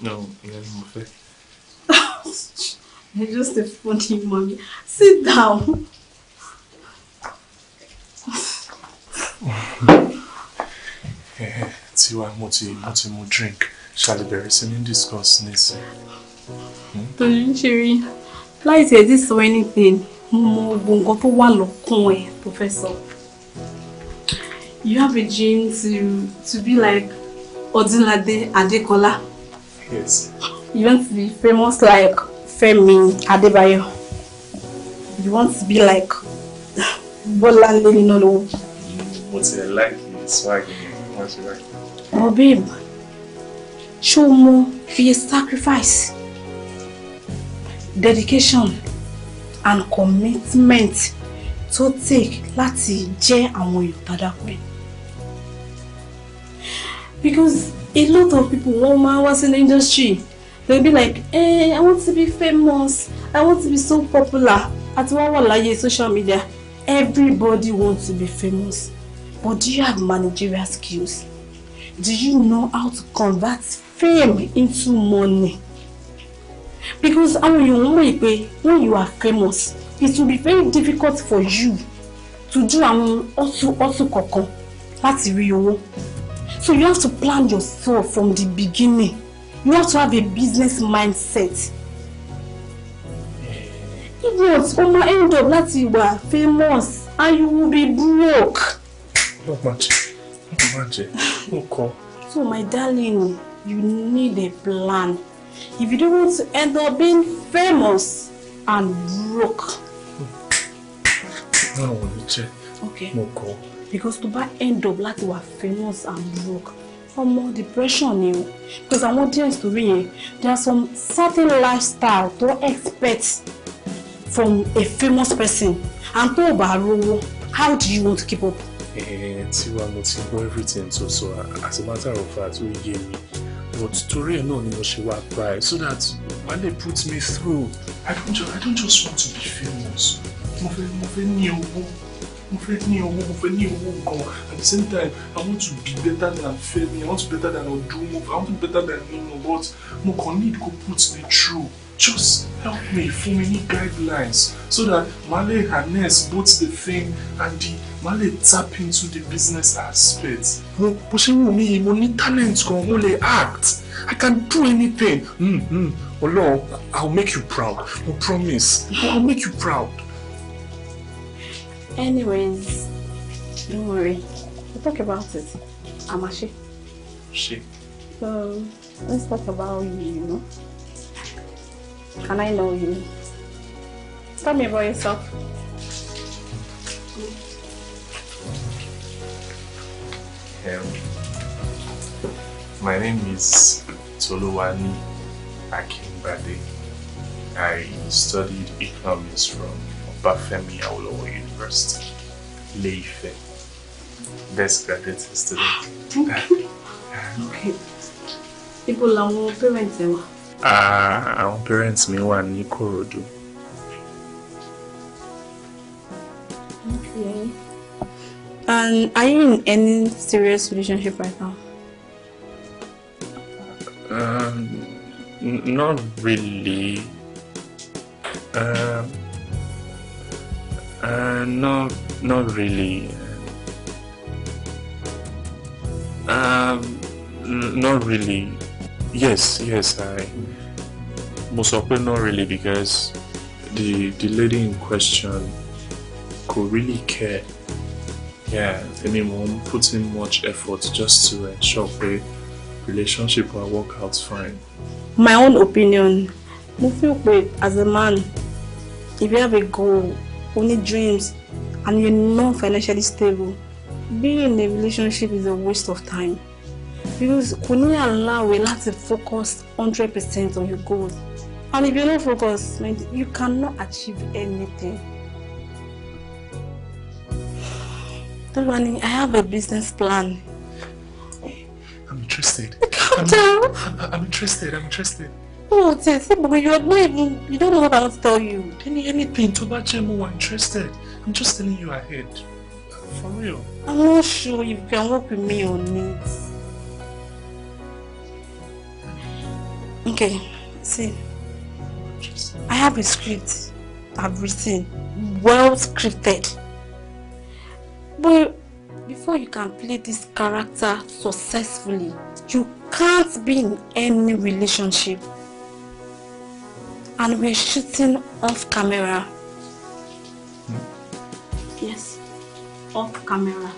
no ìyẹn ni mo fẹ́. You're just a funny mommy. Sit down. Tiwa, mo ti mo ti mu drink. Shall we bẹ̀rẹ̀ sí ní discuss nísìnyí? Hmm? Don't ṣe rí láì tiẹ̀ ti sọ anything mo mọ hmm. gbogbo nǹkan tó wà lọ́kàn ẹ̀ tó you have a dream to to be like Odunlade Adekola. Yes. You want to be famous like Femi Adebayo. You want to be like Bolanle Ninolo. Mo ti like you swag you. Oh babe, ṣé o mọ iye sacrifice dedication and commitment to take láti jẹ́ àwọn èèyàn tàdápọ̀ ẹ̀. because a lot of people wọ́n máa wá sí industry they be like eh I want to be famous I want to be so popular àti wọ́n wà láyé social media everybody wants to be famous but do you have managerial skills do you know how to convert fame into money because àwọn èèyàn ń mọ̀ pé when you are famous it will be very difficult for you to do àwọn ọ̀tún ọ̀tún kọ̀ọ̀kan láti rí owó so you have to plan yourself from the beginning you have to have a business mindset if not o end up láti wà famous and you will be broke. so my darling you need a plan if you don't want to end up being famous and broke. No, no, Okay. Mo Because to bá end up like you are famous and broke, more depression on you. Because àwọn díẹ̀ nítorí yẹn, there are some certain lifestyle to expect from a famous person. And to o how do you want to keep up? Eh, Tiwa, mo ti everything so so. as a matter of fact, we yé me but torí ẹ náà ni mo ṣe wá so that when they put me through i don't just i don't just want to be famous mo fẹ́ mo fẹ́ ní owó mo fẹ́ ní owó mo at the same time i want to be better than Femi i want to be better than Odumo i want to be better than Nino but mo kàn need go put me through just help me fún mi guidelines so that màá harness both the fame and the màá tap into the business aspect. Oh, bó ṣe wù mí talent gan mo lè act i can do anything hmm, hmm. ọlọ́run mm -hmm. Lord, I'll make you proud I promise I'll make you proud. anyways don't worry we'll talk about it I'm amaṣe. ṣe. so let's talk about you you know and I know you. Tell me about yourself. Um, my name is Toluwani Akinbade. I studied economics from Obafemi Awolowo University, Leife. Best graduate student. okay. People, àwọn parents ẹ wà àwọn parents mi wà ní Ìkòròdú. Okay. And are you in any serious relationship right now? Um, not really. Um, uh, not, not really. Um, not really. yes yes i most often not really because the the lady in question could really care yeah anyone put putting much effort just to ensure the relationship will work out fine my own opinion mo feel as a man if you have a goal only dreams and you're not financially stable being in a relationship is a waste of time because kò ní allow ẹ láti focus hundred percent on your goals and if you no focus you cannot achieve anything. Tolani, I have a business plan. I'm interested. Calm down. I'm, I'm interested. I'm interested. No, oh, Tess, but you are not even, you don't know what I want to tell you. Any, anything, Toba Chemo, I'm interested. I'm just telling you ahead. For real. I'm not sure if you can work with me or not. Okay, see, I have a script I've written, well scripted. But before you can play this character successfully, you can't be in any relationship. And we're shooting off camera. Hmm? Yes, off camera.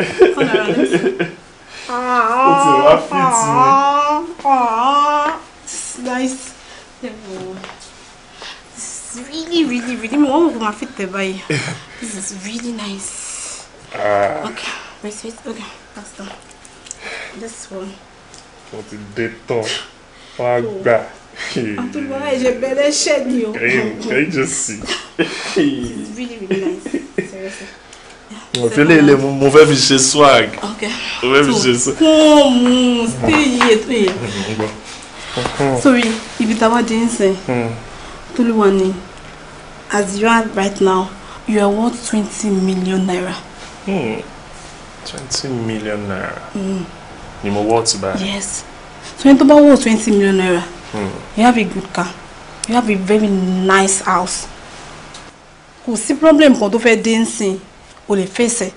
ó ah! wá fìtì mi. This is really, really, really. Mo wọ́n mọ̀ kó máa fi tẹ̀ This is really nice. Uh, okay, wait, wait, okay, that's done. This one. Mo the dé Fuck that. á gbà. Àtúbọ̀ ẹ̀jẹ̀ bẹ̀rẹ̀ ṣẹ̀ you. Can you just see? This is really, really nice. Seriously mo fi léèlé mo fẹ́ fi ṣe swag mo fẹ́ fi ṣe swag. kún mu stay yìí ètò yẹn sorry ibi tá a ń sìn hmm. tolúwa ni as you are right now you are worth twenty million naira. Hmm, twenty million naira mm. ni mo worth báyìí. yes so ẹni tó bá worth twenty million naira mm. you have a good car you have a very nice house kò sí problem kan tó fẹ́ dé ń sìn o lè face ẹ̀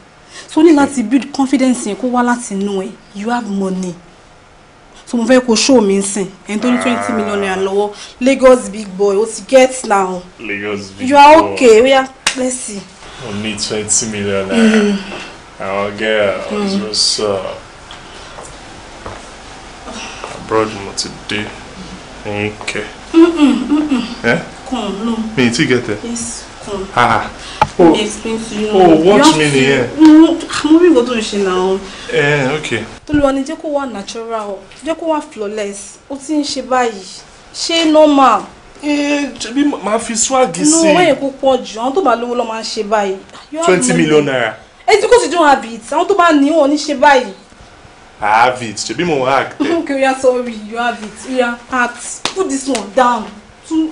so ní láti build confidence yẹn kó wá láti inú ẹ̀ you have money so mo fẹ́ kó show mi nsìn ẹni tó ní twenty million naira lọ́wọ́ Lagos big boy o ti get now Lagos big boy. you are okay oya yeah, let's see. mo ní twenty million naira mm-hmm. girl, gẹ́gẹ́ ọ̀zọ́ sọ abroad mo ti dé ẹ̀yìn kẹ́. kàn ló. mi ì tí gẹ̀tẹ̀. yes kàn oh, oh me explain to you. Oh, watch me here. Mo rí nǹkan tó ń ṣe náà. Eh, okay. Tolúwa ni jẹ́ kó wà natural o, jẹ́ flawless, ó ti ń ṣe báyìí, ṣé normal? Eh, bí màá fi swag sí. Inú wẹ́yìn kó pọ̀ jù, àwọn tó bá lówó lọ́ máa Twenty million naira. Ẹ ti kó sì dún habit, àwọn tó bá ní wọn ò ní ṣe báyìí. I have it, ṣebí mo act. Okay, yeah, sorry, you have it. Yeah, act. Put this one down. Too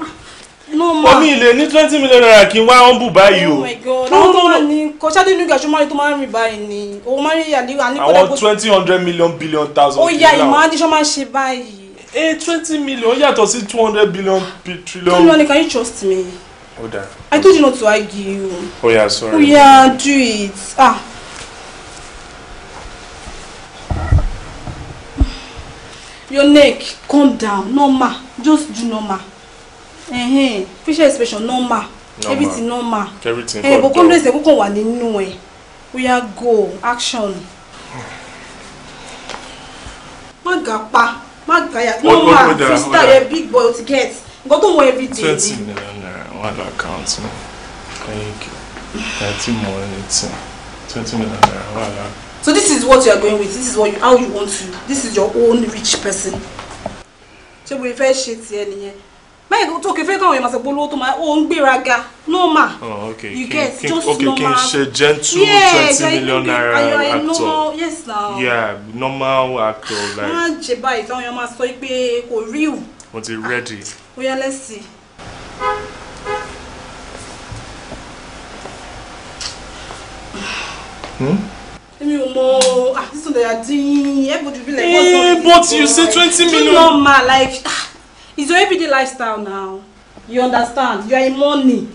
no ma omi ilé ní twenty million naira kí n wá humble báyìí o. oh my god àwọn tó ni. ní kò ṣáde nígbà tó máa rí tó máa rí báyìí ni òun máa rí àní kódà kó. àwọn twenty hundred million billion thousand. ó yá ìmọ̀ adíṣọ́ máa ṣe báyìí. Eh, twenty million yàtọ̀ sí two hundred billion trillion. trillion can you trust me. ó dáa. I told you not to argue. ó yeah, sorry. ó yeah, do it. ah. your neck calm down normal just do normal facial expression normal everything normal ẹ̀ bọ̀ complex ẹ̀ kúkọ̀ wà nínú ẹ̀ oya go action má ga pa má ga ya normal freestyle yẹ big boy to get nǹkan tó wọ everyday. twenty naira one account mi thank you thirty more eighteen twenty million, naira one account. So this is what you are going with. This is what you, how you want to. This is your own rich person. So we fẹ́ ṣe tiẹ̀ nìyẹn báyìí tó kẹfẹ́ káwọn èèyàn máa sọ pé tó máa ó ń gbéraga normal oh, you get just normal okay kí n ṣe gentle twenty million naira actor yes na yeah normal actor like. má jẹ báyìí táwọn èèyàn máa sọ pé kò real. mo ti ready. Ah, ó yá let's see. Hmm? èmi ò mọ àtisùn dẹ̀yà dín everybody be like. ee eh, but you say twenty million. too normal like. Ah. It's your everyday lifestyle now. You understand? You are in money.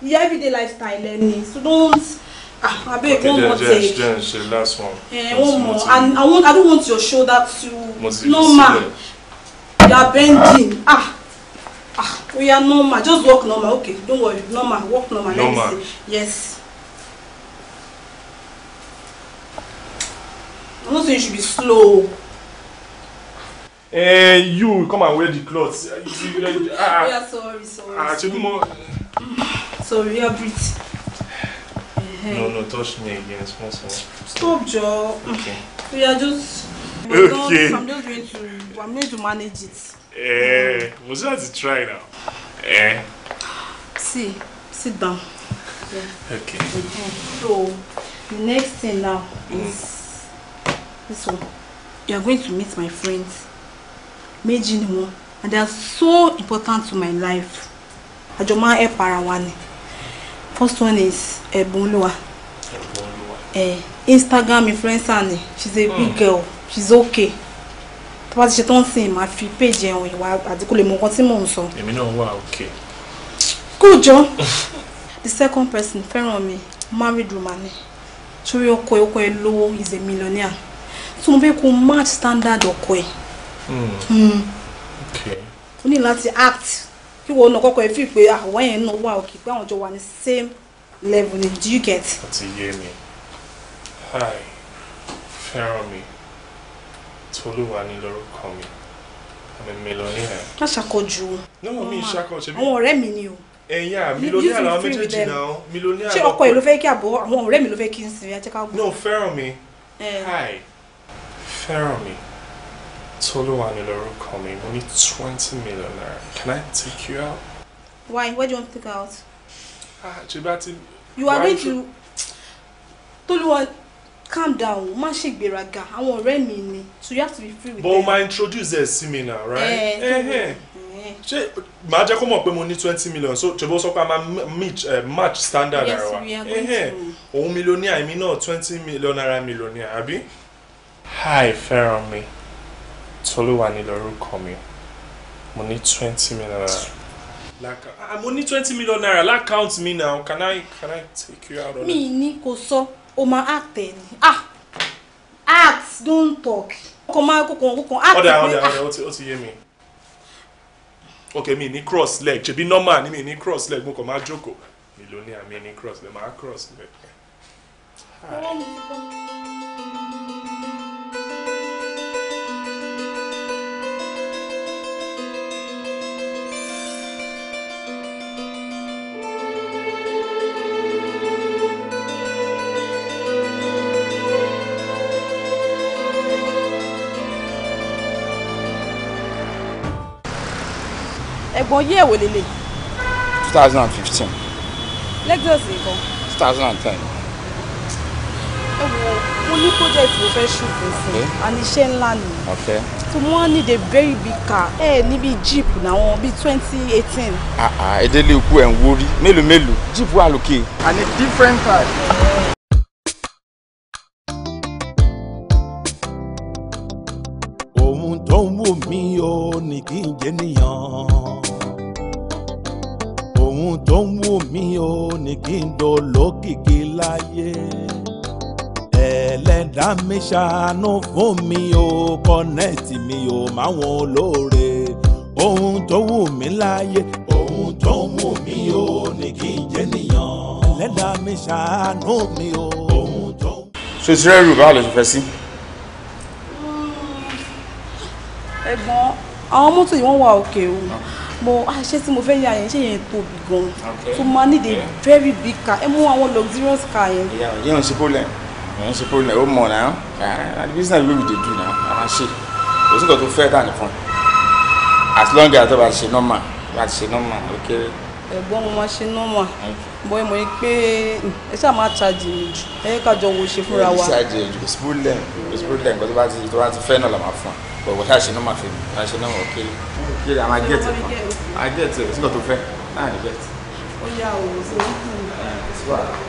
Your everyday lifestyle, Lenny. So don't. Ah, I beg, okay, one then, more take. Then, then, last one. Eh, one more. And I want. I don't want your shoulder to. no man. You are bending. Ah. Ah, we are normal. Just walk normal. Okay, don't worry. Normal. Walk normal. Normal. Let me see. Yes. I'm not saying you should be slow eh, you come and wear the cloth. We are ah, sorry, sorry. Ah, sorry. More... sorry, I breathe. Hey. No, no, touch me again. It's Stop, Joe. Okay. We are just. Okay. Not, I'm just going to. I'm going to manage it. Eh, mm. was that to try now? Eh. See, sit down. Yeah. Okay. Okay. So, the next thing now mm. is mm. this one. You are going to meet my friends méjì ni wọn and they are so important to my life àjọ máa help ara wa ni first one is ẹ̀bùn olúwa eh, instagram influencer ni she's a big hmm. girl she's okay tó bá ti ṣe tó ń sìn máa fi péjì ẹ̀wọ̀n ìwà àti kò lè mọ nǹkan tí mò ń sọ. èmi náà wà okay. cool jọ the second person fẹ́ràn mi married woman ni torí ọkọ ẹ̀ ọkọ ẹ̀ lówó is a millionaire so mo fẹ́ kó match standard ọkọ ẹ̀ Hmm. o ní láti act kí wọn náà kọ́kọ́ ẹ fi pé àwọn ah, yẹn náà wà òkè pé àwọn jọ wà ní same level ni do you get. àti yé mi hi fẹ́ràn mi tolúwa ní lórúkọ mi àmì millionaire. má ṣàkójú. náà mi ṣàkójú. àwọn ọ̀rẹ́ mi ni o ẹ̀yà mílíọ̀nìà làwọn méjèèjì náà mílíọ̀nìà lọ́pọ̀ ṣé ọkọ ẹ̀ ló fẹ́ kí àbọ̀ àwọn ọ̀rẹ́ mi ló fẹ́ kí n sinmi ajẹ́ká gbọ́. no fẹ́ràn mi eh. hi fẹ́ràn mi Toluwani lorúkọ mi, mo ní twenty million naira. Can I take you out? Why? Why do you want to take out? Ah, Jibati. You are going to. Toluwa, calm down. Má ṣe gbéraga. Àwọn ọ̀rẹ́ mi ni. So you have to be free with But But my introducer sí mi right? Eh, eh, eh. eh. Ṣé màá jẹ́ kó mọ̀ pé mo ní twenty million so ṣe bó sọ pé a máa eh, match standard ara wa? Yes, we are eh, going to. Òun mílíọ̀nì àìmí náà twenty million naira mílíọ̀nì àbí? Hi, Fẹ́ràn mi. Tolu, Tolúwani lorúkọ mi mo ní twenty million naira. Like, ah, ah, mo ní twenty million naira l'account mi now can I can I take you out on mi ní kò sọ o máa act ẹ ni ah act don't talk kò máa kò kò act. ọ̀dà ọ̀dà ọ̀dà ó ti yé mi ok mi ní cross leg ṣebí normal ni mi ní cross leg mo kàn máa jókòó mi ló ní àmì ní cross leg ma cross leg. Hi. gan yé èwo lélẹ̀. two thousand and fifteen. Lexus nǹkan. two thousand and ten. ẹ wo mo ní project mo fẹ́ ṣùkú fún and iṣẹ́ ńlá ni. so mo wá need a very big car ẹ níbi jeep náwọn bíi twenty eighteen. Ah, ah, ẹ̀ẹ́dẹ́lẹ̀ ikú ẹ̀ ń wórí mélòó mélòó jeep wà lókè. and a different car. ohun tó ń wò mí o ní kí n jẹ́ nìyàn ló ń wù mí o ní kí n dolókìkí láyé ẹlẹ́dà mi ṣàánú fún mi o kọ́nẹ́ẹ̀tì mi o máwọn olóore ohun tó wù mí láyé ohun tó wù mí o ní kí n jẹ́ nìyàn ẹlẹ́dà mi ṣàánú mi o ohun tó. ṣé ti rẹ́rù báwo ló fẹ́ sí. ẹ̀gbọ́n àwọn mọ́tò yìí wọ́n wà òkè o. Ah mo àṣẹ ah, tí mo fẹ́ yà yẹn ṣé yẹn tóbi gan so ma need a very big car ẹ mú àwọn luxurious car yẹn. yẹn ò ṣe problem yẹn ṣe problem ó mọ̀ náà the business wey we dey do now ara ṣe kò sí nǹkan tó fẹ́ dànù fún as long as ọba ṣe normal ọba ṣe normal ó ẹ̀gbọ́n mo máa ṣe normal bọ́ ẹ mọ̀ ní pé hmm, ẹ ṣáà máa ṣáàjì mi jù ẹ yẹ ká jọ wo ṣe fúnra wa. ṣáàjì ẹ jù kò sí problem kò problem kò tó bá ti fẹ́ náà là máa fún ọ bọ̀ wọ́n ṣáà ṣe normal fún mi ṣáà ṣe normal ó kéré ó a máa gẹ̀ẹ́tì fún ọ àjẹtì ò sí lọ tó fẹ́ láàrin bẹ́ẹ̀. ó yà ó ṣe é kù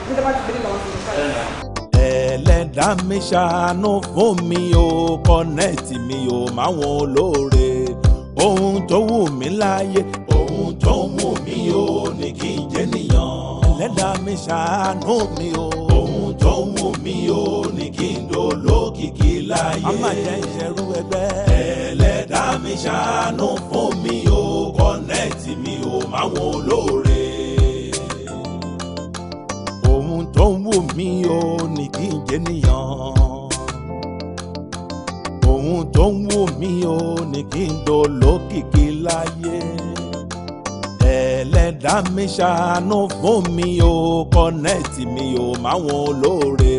ní dábàá ti bẹ́ẹ̀ lọ́wọ́ fún mi eh, ẹlẹ́dà mi ṣàánú fún mi o kọ́nẹ́ẹ̀tì mi o máwọn olóore ohun tó wù mí láyé ohun tó wù mí o ní kí n jẹ́ nìyàn. ẹlẹ́dà mi ṣàánú mi o ohun tó wù mí o ní kí n dolókìkí láyé. a máa jẹ́ ìṣẹ́rú ẹgbẹ́. ẹlẹ́dà mi ṣàánú fún mi o kọ́nẹ́ẹ̀tì tì mí ò máwọn olóore. ohun tó ń wù mí ò ní kí n jẹ́ nìyàn. ohun tó ń wù mí ò ní kí n dolókìkí láyé. ẹlẹ́dàá mi ṣàánú fún mi ò kọ́nẹ́tì mi ò máwọn olóore.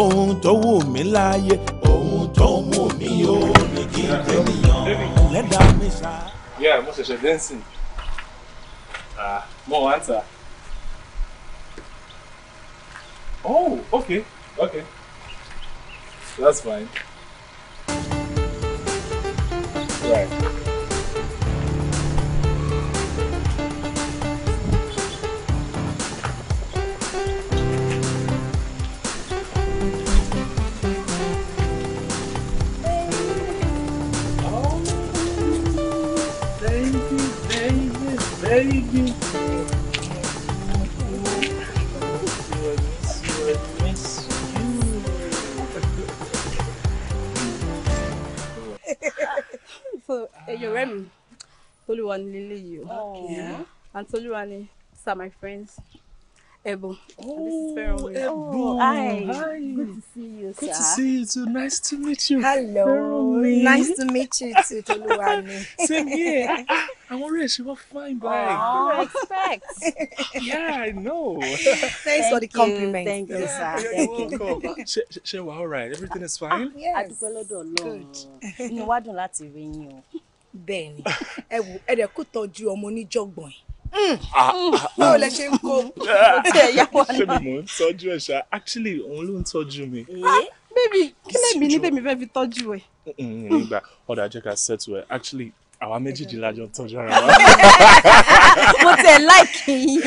ohun tó wù mí láyé ohun tó wù mí ò ní kí ẹlẹ́dàá mi ṣàánú. Yeah, mo ṣẹ̀ṣẹ̀ dancing. Ah, mo wá ń Oh, okay, okay. That's fine. Right. very beautiful. so ẹyọ rẹ mi Tolúwa ni lélẹyìí o oh. and Tolúwa ni sir my friends. Ebon. Oh, Ebon. Oh, hi. hi. Good to see you, Good sir. Good to see you too. Nice to meet you. Hello. Verily. Nice to meet you too, Toluwani. Same here. I'm already she was fine bag. Oh, expect. yeah, I know. Thanks Thank for the compliment. Thank you, yeah, sir. You're welcome. she, ah, she, she was all right. Everything is fine? Ah, yes. Good. lọ́dọ̀ Ọlọ́run. Inú wa dùn láti rí yín o. Bẹ́ẹ̀ni, ẹ wò ẹ dẹ̀ kó tọ́jú Mm. Ah, mm. Ah, ah. báwo lẹ ṣe ń kó ẹ̀yà wà náà. ń tọ́jú ẹ̀ ṣá actually òun ló ń tọ́jú mi. Eh, bébì kí lèmi ní bèmi fẹ́ fi tọ́jú ẹ̀. nígbà ọ̀dà jẹ́ ká settle ẹ̀ actually àwa méjèèjì lájọ tọ́jú ara wa. mo tẹ láìkì yín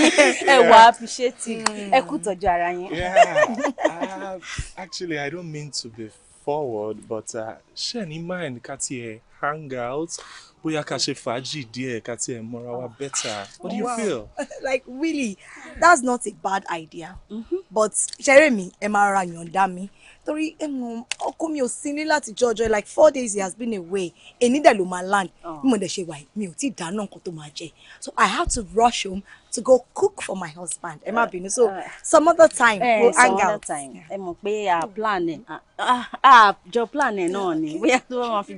ẹ wà á fi ṣe ti ẹ kú tọ́jú ara yín. Uh, actually i don't mean to be forward but uh, ṣe ní mind ká tiẹ̀. Uh, hang out bóyá ká ṣe fàájì díẹ̀ ká tiẹ̀ mọ́ra wa ah. better what do oh, you wow. feel. like really that's not a bad idea mm-hmm. but Jeremy, mi ẹ máa ra yọ̀ǹda mi torí ọkọ mi ò sí ní láti jọjọ like four days he has been away èní dẹ̀ ló máa land oh. bí mo dẹ̀ ṣe wà mi ò tí ì dáná nǹkan tó máa jẹ so i have to rush home to go cook for my husband ẹ má uh, bínú so uh, some other time uh, we'll hang out. ẹ mọ̀ pé a ah, hmm. plan ẹ̀ Ah, ah, ah job planning, náà ni bóyá tó bá máa fi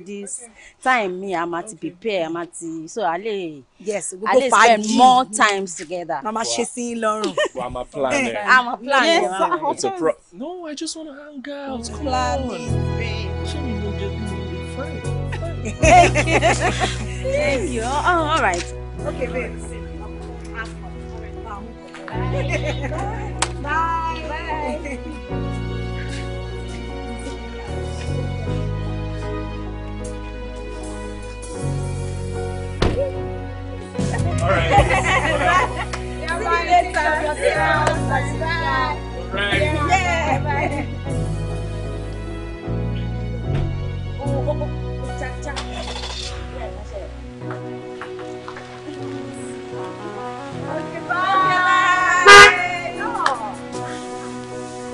time me, I'm at prepare I'm at. so Ali. lè yes, a go spend more times together. mama ṣe sí i I'm a planning. I'm a plan ẹ̀. It's a pro. No, I just want to hang out. Come plan Thank you. Thank you. Oh, all right. Okay, babe. Bye. Bye. All right. yeah, See you later. Bye. Bye. Bye. Bye. Bye. Bye. Bye.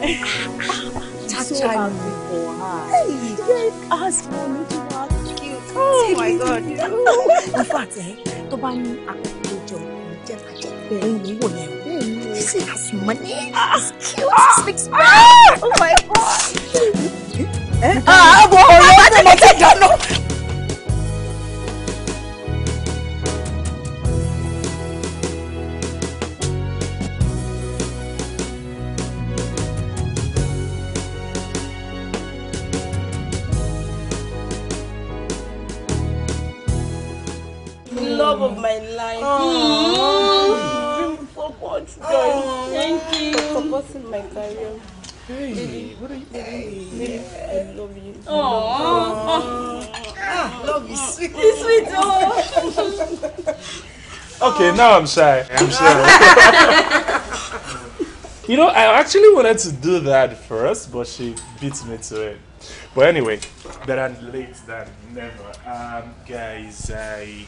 so I'm for her. Hey, yes, ask for me cute. Oh my God. In fact, eh, tó bá ní àpèjọ ìjẹ́ bàjẹ́ bẹ̀rẹ̀ ìwò has money. It's cute. It speaks well. Oh my God. Ah, ọmọ ọ̀rọ̀ ọ̀rọ̀ ọ̀rọ̀ ọ̀rọ̀ ọ̀rọ̀ in my career. Hey, baby, what are you doing? Baby, I love you. Aww. Oh. Ah, love is sweet. It's sweet, oh. okay, Aww. now I'm shy. I'm shy. you know, I actually wanted to do that first, but she beat me to it. But anyway, better late than never. Um, guys, I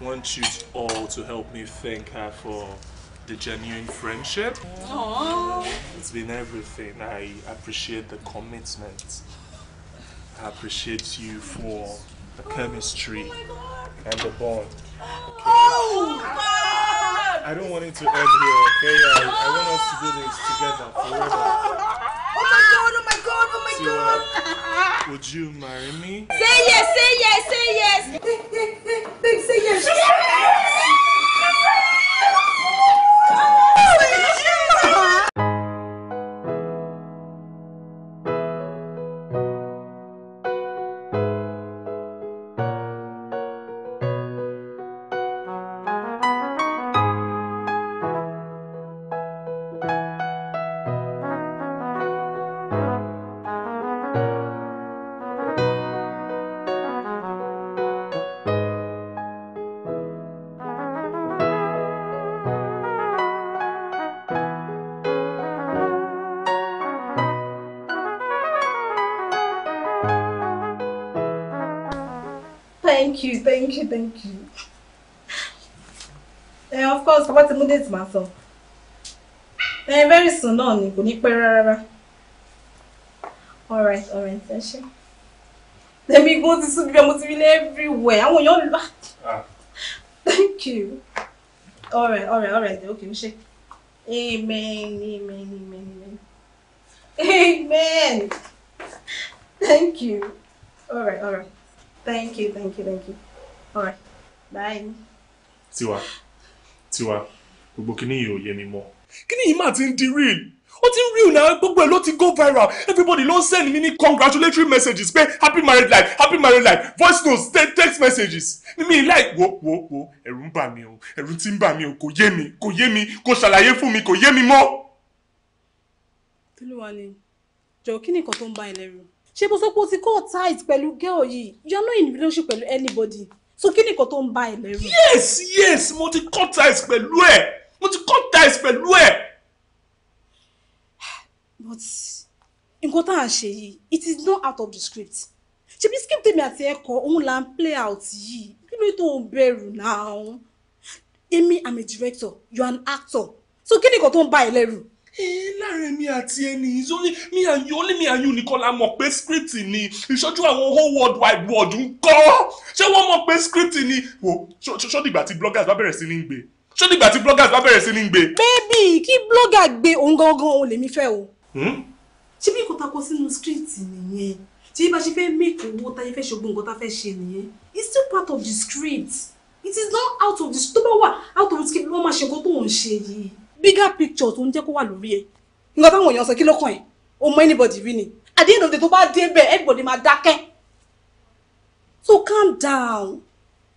want you all to help me thank her for the genuine friendship. Aww. It's been everything. I appreciate the commitment. I appreciate you for the chemistry oh and the bond. Okay? Oh I don't want it to end here, okay? I, I want us to do this together forever. Oh my god, oh my god, oh my so, god! Uh, would you marry me? Say yes, say yes, say yes! Big, say yes! ṣe thank you. ẹ eh, of course I want to date máa sọ ẹ eh, very soon náà ni kò ní pẹ́ rárá alright alright ẹ ṣe tẹ̀mí gan ti sún bíbẹ̀ mo ti rí ní everywhere àwọn èèyàn lù wá ah. thank you alright alright alright ok n ṣe amen amen amen amen amen thank you All right, all right. thank you thank you thank you all bye. tiwa tiwa gbogbo kini yìí ò yé mi mọ́. kini yìí máa ti ń di real ó ti ń real náà gbogbo ẹ ló ti go viral everybody ló send mi ni congratulatory messages pé happy married life happy married life voice notes text messages mímí like wo wo wo ẹ̀rù ń bà mí o ẹ̀rù ti ń bà mí o kò yé mi kò yé mi kò ṣàlàyé fún mi kò yé mi mọ́. kí ló wà ní jọ̀wọ́ kí ni nǹkan tó ń bá ẹ lẹ́rù ṣé bó sọ pé o ti kọ́ tight pẹ̀lú girl yìí you are not in relationship pẹ̀lú anybody so kí ni kò tó ń bá ẹ lẹ́rù. yes yes mo ti cut ties pẹ̀lú ẹ̀ mo ti cut ties pẹ̀lú ẹ̀. but nǹkan tá à ń ṣe yìí it is not out of the script ṣebí script èmi àti ẹ kọ òun là ń play out yìí kí ló tó ń bẹ̀rù náà èmi i'm a director You're an actor so kí ni kò tó ń bá ẹ lẹ́rù láàrin mi àti ẹni yìí ó ní mi àyè ó ní mi àyè nìkan la mọ̀ pé script ni ìṣojú àwọn whole world wide world ń kọ́ ṣé wọ́n mọ̀ pé script ni wò ṣọ́dìgbà tí bloggers bá bẹ̀rẹ̀ sí ní gbé ṣọ́dìgbà tí bloggers bá bẹ̀rẹ̀ sí ní gbé. bébì kí blogger gbé òun gangan òun lèmi fẹ́ o. Hmm? ṣé bí kò tako sínú script nìyẹn ṣé bá ṣe fẹ́ make owó táyé fẹ́ ṣogbó nǹkan tá fẹ́ ṣe nìyẹn it's still part of the script it is not out of the tó bá wà out of the script wọ́n máa ṣe nǹkan tó ń ṣe yìí bigger picture tó ń jẹ́ kó wà lórí ẹ̀ nǹkan táwọn èèyàn sọ kí ló kàn ẹ́ o mọ anybody rí ni at the end of the day tó bá dé bẹ́ẹ̀ everybody máa dákẹ́ so calm down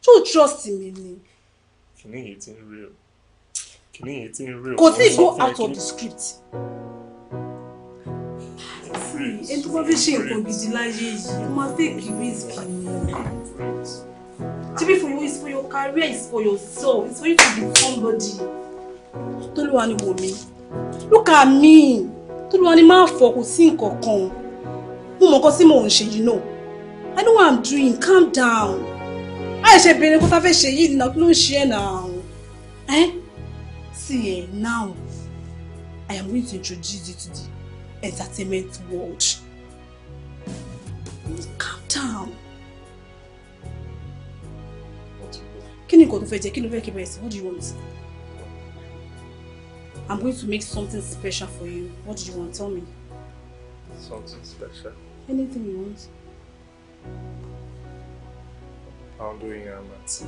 tó trust mi ni. kìnìún yìí ti ń rí o kìnìún yìí ti ń rí o. kò tí go out of the script. ẹni tó bá fi ṣe nǹkan gidi láyé yìí ó máa take risk ni. to be for you is for your career is for yourself is for you to be somebody tolúwa ni wò mí look at me tolúwa ni máa fọ kò sí nǹkan kan mo mọ̀ nǹkan tí mò ń ṣe yìí náà i know what i'm doing calm down àìṣe bèrè kó tá fẹ́ ṣe yìí nìyà kí ló ń ṣe ẹ̀ náà ẹ́ sí ẹ̀ now i am going to introduce you to the entertainment world calm down. kí ni nǹkan tó fẹ́ jẹ kí ló fẹ́ kí bẹ̀rẹ̀ sí what do you want. I'm going to make something special for you. What do you want? Tell me. Something special? Anything you want. I'll do um, a at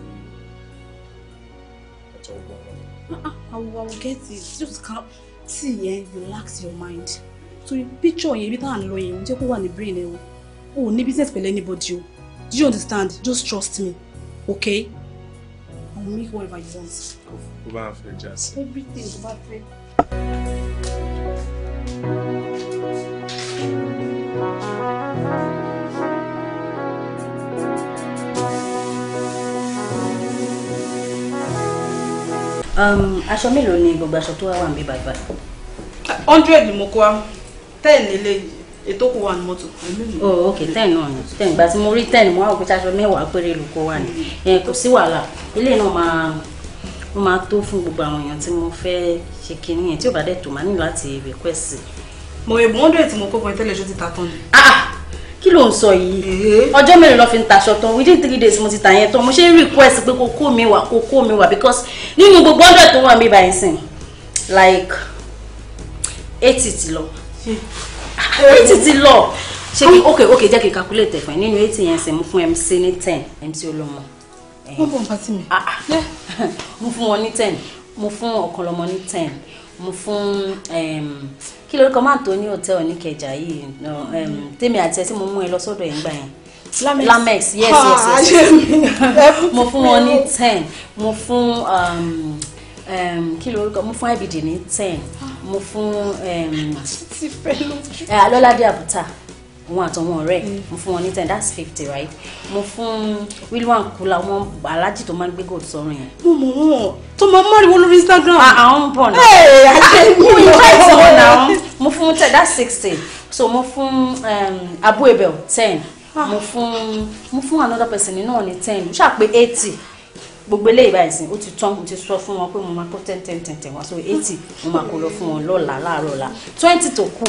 at all. Uh-uh, I will, I will get it. Just come. See, yeah, relax your mind. So you picture you bí tá à ń lọ yẹn, ohun tí brain ẹ o. O ò ní business pẹ̀lú anybody Do you understand? Just trust me, okay? will make whatever you want. Go back and fetch us. Everything go back fetch. Um, aṣọ mélòó ni gbogbo aṣọ tó wà wà ń bí bàbá? hundred ni mo kó wa ten nílé yìí ètò kò wà ní mọ́tò. o oh, ok ten náà ni ten gba tí mo rí ten mo wá òkúta aṣọ mẹ́wàá péré ló kó wà ní kò sí wàhálà ilé náà máa ó máa tó fún gbogbo àwọn èèyàn tí mo fẹ́ ṣe kinní yẹn tí ò bá dẹ̀ tó máa ní láti request. mo èbùn ó dẹ̀ tí mo kó kan tẹ́lẹ̀ ṣó ti ta tán ni. Ah, ah, kí ló ń sọ yìí ọjọ́ mélòó lọ́ọ́ fi ń taṣọ tán within three days mo ti tà yẹn tán mo ṣe ń request pé kó kó mi wá kó kó mi wá because nínú gbogbo hundred tó wà mí báyìí sìn like eighty ti lọ eighty ti lọ ṣe kí ok ok jẹ́ kí calculate fún ẹ nínú eighty yẹn sì mú fún mc ní ten mc olómọ. wọ́n bọ̀ nípa tí mi. Ah, ah. mo fún wọn ní ten mo fún ọ̀kanlọ́mọ ní ten mo fún kí lórúkọ máa tó ní hòtẹ́ẹ̀lì oníkẹjà yìí tèmi àti ẹ tí mo mú ẹ lọ sọ́dọ̀ ẹ̀ gbà yẹn lamex yes yes yes mo fún wọn ní ten mo fún kí lórúkọ mo fún ibd ní ten. Ah mo fún títí fẹ́ lójú. alọ́ládé eh, àbútà òun àtọwọn ọ̀rẹ́ mm. mo fún wọn ní ten that's fifty right mo fún william kula ọmọ alájì tó máa ń gbé gold sọrùn yẹn. mo mọ̀ wọ́n tó máa ń mọ̀rìwọ́ lórí instagram. àwọn ń bọ̀ náà mo ìfẹ́ ìtọ́wọ́ náà mo fún ten that's sixty so mo fún abu ebel ten ah. mo fún mo fún another person nínú ọ̀nì ten ṣáà pé eighty gbogbo eléyìí báyìí sìn ó ti tán mo ti sọ fún wọn pé mo máa kó ten ten wá so eighty mo máa kó lọ fún wọn lọ́la láàárọ̀ ọ̀la twenty tó kù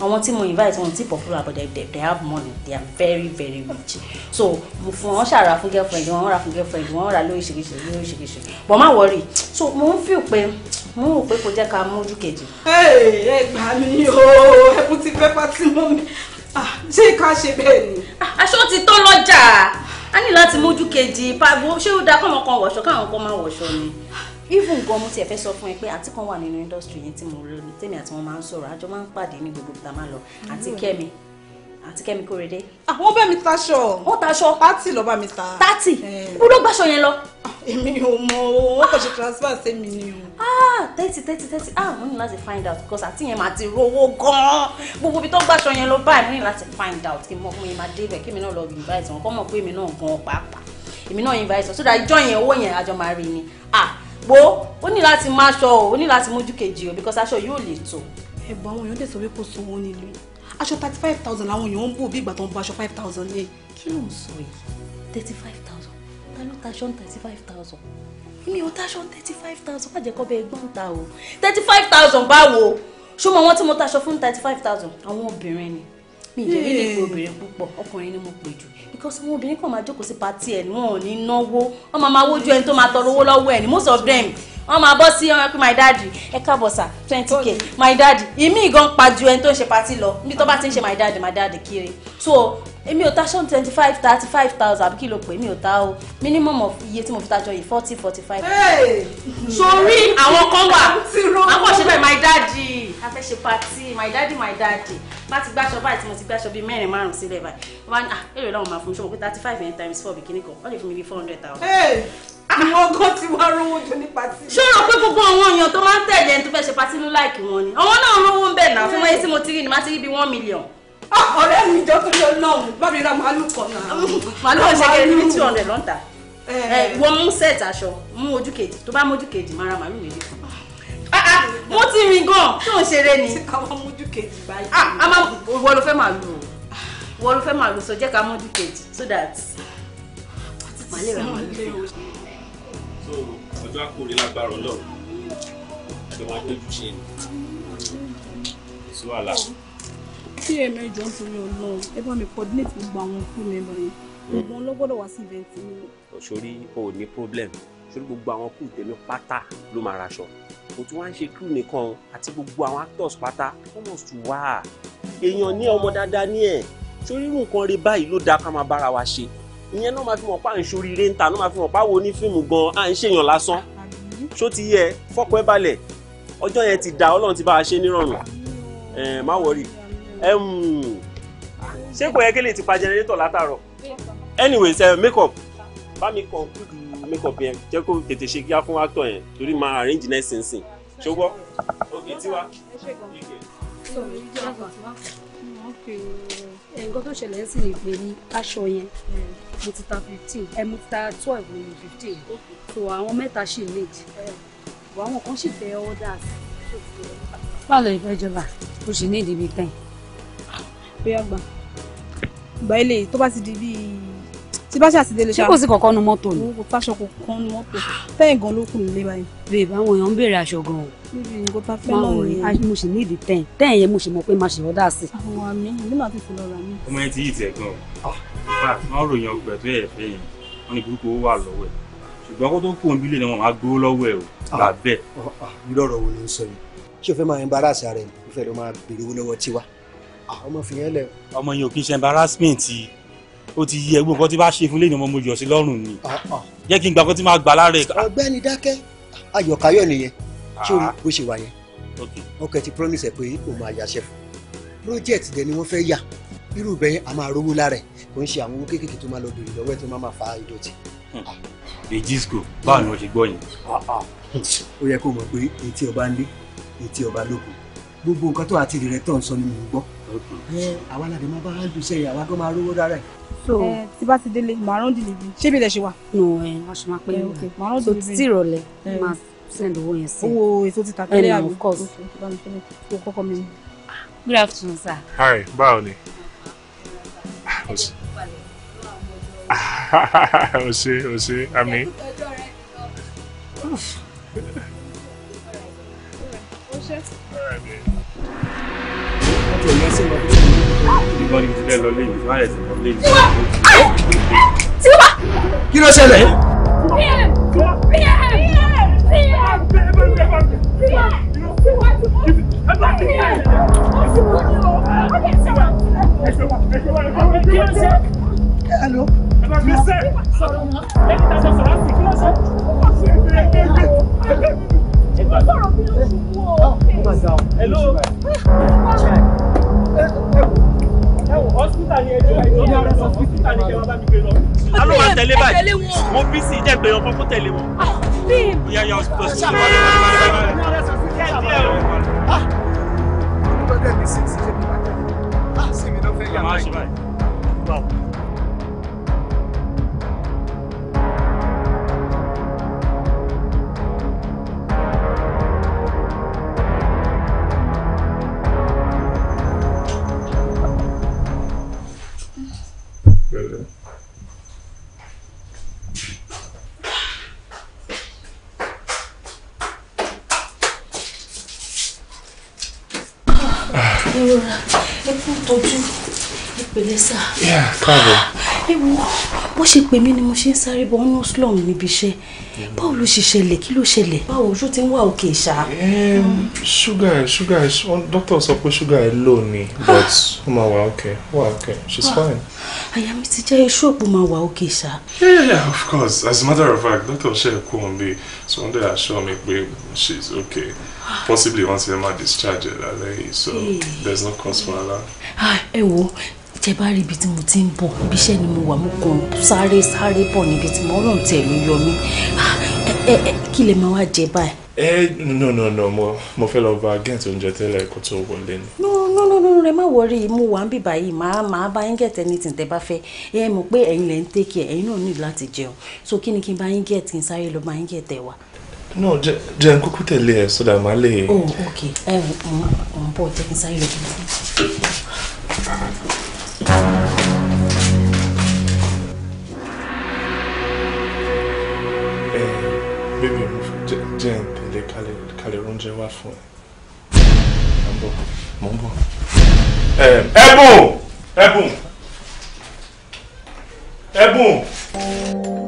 àwọn tí mo invite wọn ti popular but they, they, they have money they are very very rich so mo fún wọn ṣàrà fún girlfriend wọn rà fún girlfriend wọn rà lórí ṣèkìṣe lórí ṣèkìṣe but má worry so mo ń feel pé mo rò pé kò jẹ́ ká mójú kejì. ẹ gbà mí o ẹkún ti pẹ́ pátí mọ́ mi ah, ṣé ká ṣe bẹ́ẹ̀ ni. aṣọ ti tán lọ́jà a ní láti mójú kejì pàgọ́ ṣé ó dáa kọ́mọ kan wọ̀ṣọ́ káwọn kan máa wọ̀ṣọ́ ni. even gan mo tiẹ̀ fẹ́ sọ fún ẹ pé àti kan wà nínú industry yẹn tí mo rí tèmi àti wọn máa ń sọ̀rọ̀ àjọ máa ń pàdé ní gbogbo ìta máa lọ àti mm. kẹ́mi àti kẹ́mi kórede. àwọn ah, bá mi taṣọ. ó taṣọ. pátì lọ́ọ́ bá mi ta. tátì wúlò gbàṣọ yẹn lọ. Ah, èmi ò mọ o wọn kò ṣe transfer sí mi ni o. Ah, thirty thirty thirty ah mo ní láti find out because àti yẹn máa ti rówó gan-an gbogbo ibi tó gbàṣọ yẹn lọ báyìí mo ní láti find out kí mo yẹn máa débẹ̀ kí mi náà lọ invite wọn kọ́ mọ̀ pé èmi náà gan pàápàá èmi náà invite wọn so that ìjọ yẹn owó yẹn àjọ máa rí ni ah wo ó ní láti máa ṣọ o ó ní láti mójú kejì o because aṣọ yóò lè tó. ẹ̀gbọ́n àwọn èèyàn dẹ̀ sọ pé kò sówó nílùú aṣọ thirty five thousand làwọn èèyàn ń bò bí ìgbà tó ń bọ aṣọ five thousand ní. kí ló ń sọ yìí thirty five thousand ta ló taṣọ ń thirty five thousand mi ò taṣọ thirty five thousand má jẹ́ kó bẹ́ẹ̀ gbọ́n ta o thirty five thousand báwo ṣó mọ wọn tí mo taṣọ fún thirty five thousand àwọn obìnrin ni mi ìjẹ́ mi lè pe obìnrin púpọ̀ ọkùnrin ni mo pè jù because àwọn obìnrin kan máa jókòó sí patí ẹ̀ náà ní náwó wọ́n máa máa wójú ẹni tó máa tọrọ owó lọ́wọ́ ẹ̀ ní most of them wọ́n máa bọ́ sí ọmọ pé my daddy ẹ káàbọ̀ sà twenty k my daddy ìmí gan pa ju ẹni tó ń ṣe patí lọ níbi tó bá ti ń ṣe my daddy my daddy kiri so èmi ò ta ṣọ́n twenty five thirty five thousand àbí kí ló pè mí ò ta o minimum of iye tí mo fi tajọ yìí forty forty five. sórí àwọn kan wà àwọn ṣe bẹ́ẹ̀ my daddy a fẹ́ party my daddy my daddy bá ti gbàṣọ báyìí tí mo ti gbàṣọ bíi mẹ́rin márùn-ún sílẹ̀ báyìí wọ́n á ní ah èrè làwọn máa fún mi ṣọ́n mo pé thirty five times four bìkínì kan wọ́n lè fún mi bíi four hundred thousand àwọn ọgọ́ ti wá rówó jọ ní pàtí. ṣọ́rọ̀ pé gbogbo àwọn èèyàn tó máa ń tẹ̀lé ẹni tó fẹ́ ṣe pàtí ní láìkì wọn ni àwọn náà rówó ń bẹ̀ náà fún wáyé tí mo ti rí ni má ti rí bíi one million. Ah, ọ̀rẹ́ mi jọ tó lọ lọ́hùn bá mi ra màálù kan náà. màálù kan ṣe kéré two hundred lọ́ńtà. Eh, eh, eh. wọ́n mú set aṣọ mú ojú kejì tó bá mójú kejì máa ra màálù méjì kan ah, ah, mo ti rìn gan tó ń ṣeré ni. àwọn mójú kejì a máa wọ ló fẹ́ máa lù ú wọ ló fẹ́ máa so that. màá lè so ọjọ́ àkórè lágbára ọlọ́run àjọ máa péjú ṣe ni sí wàhálà. tí èmi jọ ń torí ọlọ́run ẹ bá mi coordinate gbogbo àwọn crew member yẹn gbogbo wọn wá sí event mi. sori o ní problem sori gbogbo àwọn crew tèmi pátá ló máa raṣọ kò tún wá ń ṣe crew nìkan àti gbogbo àwọn actors pátá wọ́n wá èèyàn ní ọmọ dáadáa ní ẹ̀ sórí irú nǹkan rí báyìí ló dáa ká máa bára wa ṣe ìyẹn náà máa fi mọ̀ pa à ń ṣoríire ń ta náà máa fi mọ̀ pa wo ní fíìmù gan à ń ṣèyàn lásán ṣó ti yẹ fọkọ ẹ balẹ̀ ọjọ́ yẹn ti da Ọlọ́run ti bá a ṣe nírọ̀rùn ẹ má wọrí ṣé kò yẹ kí lè ti pa jẹnẹrétọ̀ látàárọ̀ anyways uh, make up bá mi conclude make up yẹn jẹ́ kó tètè ṣe kíá fún actor yẹn torí máa arrange next sensing ṣùgbọ́n ok tiwa. Okay. Eh, nǹkan tó ṣẹlẹ̀ sí ni pé ní aṣọ yẹn mo ti ta fifteen ẹ eh, mo ti ta twelve ní fifteen so àwọn mẹ́ta ṣì need but eh, àwọn kan ṣì fẹ́ orders. báwo lè fẹ́ jọba o ṣì need ibi ten. bóyá gbà gbà eléyìí tó bá ti di bíi tí bá ṣàti délé ṣá. ṣé kò sí kankan nu mọ́tò ni. kò fáṣọ kankan nu mọ́tò tẹ́yìn gan ló kù nílé báyìí. babe àwọn èèyàn ń béèrè aṣọ gan o. níbi nǹkan tá a fẹ́ lọ́wọ́ yẹn. mo sì ní ìdí tẹ́yìn tẹ́yìn yẹn mo sì mọ̀ pé máa ṣe ọ́dà sí. àwọn àmì ìlú màá tètè lọ rà mí. ọmọ yẹn ti yí tiẹ̀ gan o. Ah, wọ́n ròyìn ọgbẹ́ tó yẹ fẹ́ yẹn wọ́n ní burúkú owó wà lọ́wọ́ ẹ̀ ṣùgbọ́n kó tó kóun bílẹ̀ ni wọ́n máa gbowó lọ́wọ́ ẹ̀ o ah, gbà bẹ́ẹ̀. lọ́rọ̀ ah, wo ló ń sọ yìí ṣé o fẹ́ máa embarrass ara ẹ̀ o fẹ́ lọ máa béèrè owó lọ́wọ́ tiwa ọmọ fìyẹn lẹ. ọmọ yẹn ò kí ń ṣe embarrassment ó ti yẹ gbogbo nǹkan tí bá ṣe fún lẹ́yìn ọmọ mo yọ̀ sí lọ́rùn ni ah, ah. jẹ́ kí n gbà kó tí máa gbà lára ẹ̀. ọ̀gbẹ́ni dákẹ́ ayọ̀kayọ̀ nìyẹn ṣé o ah. ṣe wà yẹn ọkọ ẹ ti promise ẹ pé o máa yàṣẹ fún project dẹ ni wọ́n fẹ́ yà irú bẹ́ẹ̀ a máa rówó lára ẹ̀ kò ń ṣe àwọn owó kéékèèké tó máa lọ bèrè lọ́wọ́ ẹ̀ tó máa fa ìdọ̀tí. bejisco hmm. báwo ni wọ́n ṣe gbọ́ yẹn. ó yẹ kó mọ̀ pé etí ọba ń lé etí ọba lóko gbogbo nǹkan tó àti rẹ̀ ń sọ ni gbọ́ Eh, àwa làdé máa bá ájú sẹ́yìn àwa tó máa rówó dára ẹ̀. so eh, tí bá ti délé màrún dìlìbì ṣé bí ilẹ ṣe wà. nù ẹ wọn ṣe máa pé màrún dìlìbì so tí ìrọ̀lẹ́ eh. máa send owó yẹn sí. owó èso ti tàbí ẹlẹ́yà of course. o kọ́kọ́ mi. good afternoon sir. hi báwo ni. o ṣe o ṣe àmì. All right, man tiwa. kí ló ṣẹlẹ̀. Hello. Hello. Hello a ló máa tẹ̀lé báyìí mo bí sí jẹ́ pé ọkọ kó tẹ̀lé wọn. ìyá ya ọsùn tọ́sí wọn lè wọlé wọlé wọlé. káàbọ̀. ẹ wo bó ṣe pè mí ni mo ṣe ń sáré bọ ọ́nà slum níbi iṣẹ́ báwo ló ṣe ṣẹlẹ̀ kí ló ṣẹlẹ̀ báwo ojú ti ń wà òkè ṣá. ṣúgà ṣúgà dókítà sọ pé ṣúgà ẹ lò ní but ó máa wà òkè wà òkè she's ah, fine. àyà mi ti jẹ́ iṣu òpó máa wà òkè ṣá. yeah of course as a matter of fact doctor ṣe kú òun bí so one day assure me pé she's okay possibly once emma discharge her lálẹ́ yìí so there's no cause for alarm. Ah, ẹ wo tẹ bá rí ibi tí mo ti ń bọ̀ ibi iṣẹ́ ni mo wà mo kàn sáré sáré bọ̀ níbi tí mo ọlọ́run tẹ̀ ló yọ mí ah, kí lè máa wá jẹ báyìí. ẹ no no no mo mo fẹ́ lọ bá gẹ́ẹ̀tì oúnjẹ tẹ́lẹ̀ kó tó wọlé ni. no no no no rẹ má wọrí mo wà ń bì báyìí màá màá bá yín gẹ̀ẹ́tì ẹni tìǹtẹ̀ bá fẹ́ ẹ mọ̀ pé ẹ̀yin lẹ̀ ń tẹ́kì ẹ̀yin náà nílò láti jẹun so kí ni kí n bá yín gẹ̀ẹ́tì ń sáré lọ bá yín gẹ̀ẹ́tì ẹ wá no jẹ jẹ nkúkú tẹ̀lé ẹ sódà máa lè. oh ok ẹ ń bọ̀ jẹ́ kí n sáré lọ bí mo. fún ẹ mò ń bọ̀. ẹ̀bùn ẹ̀bùn ẹ̀bùn.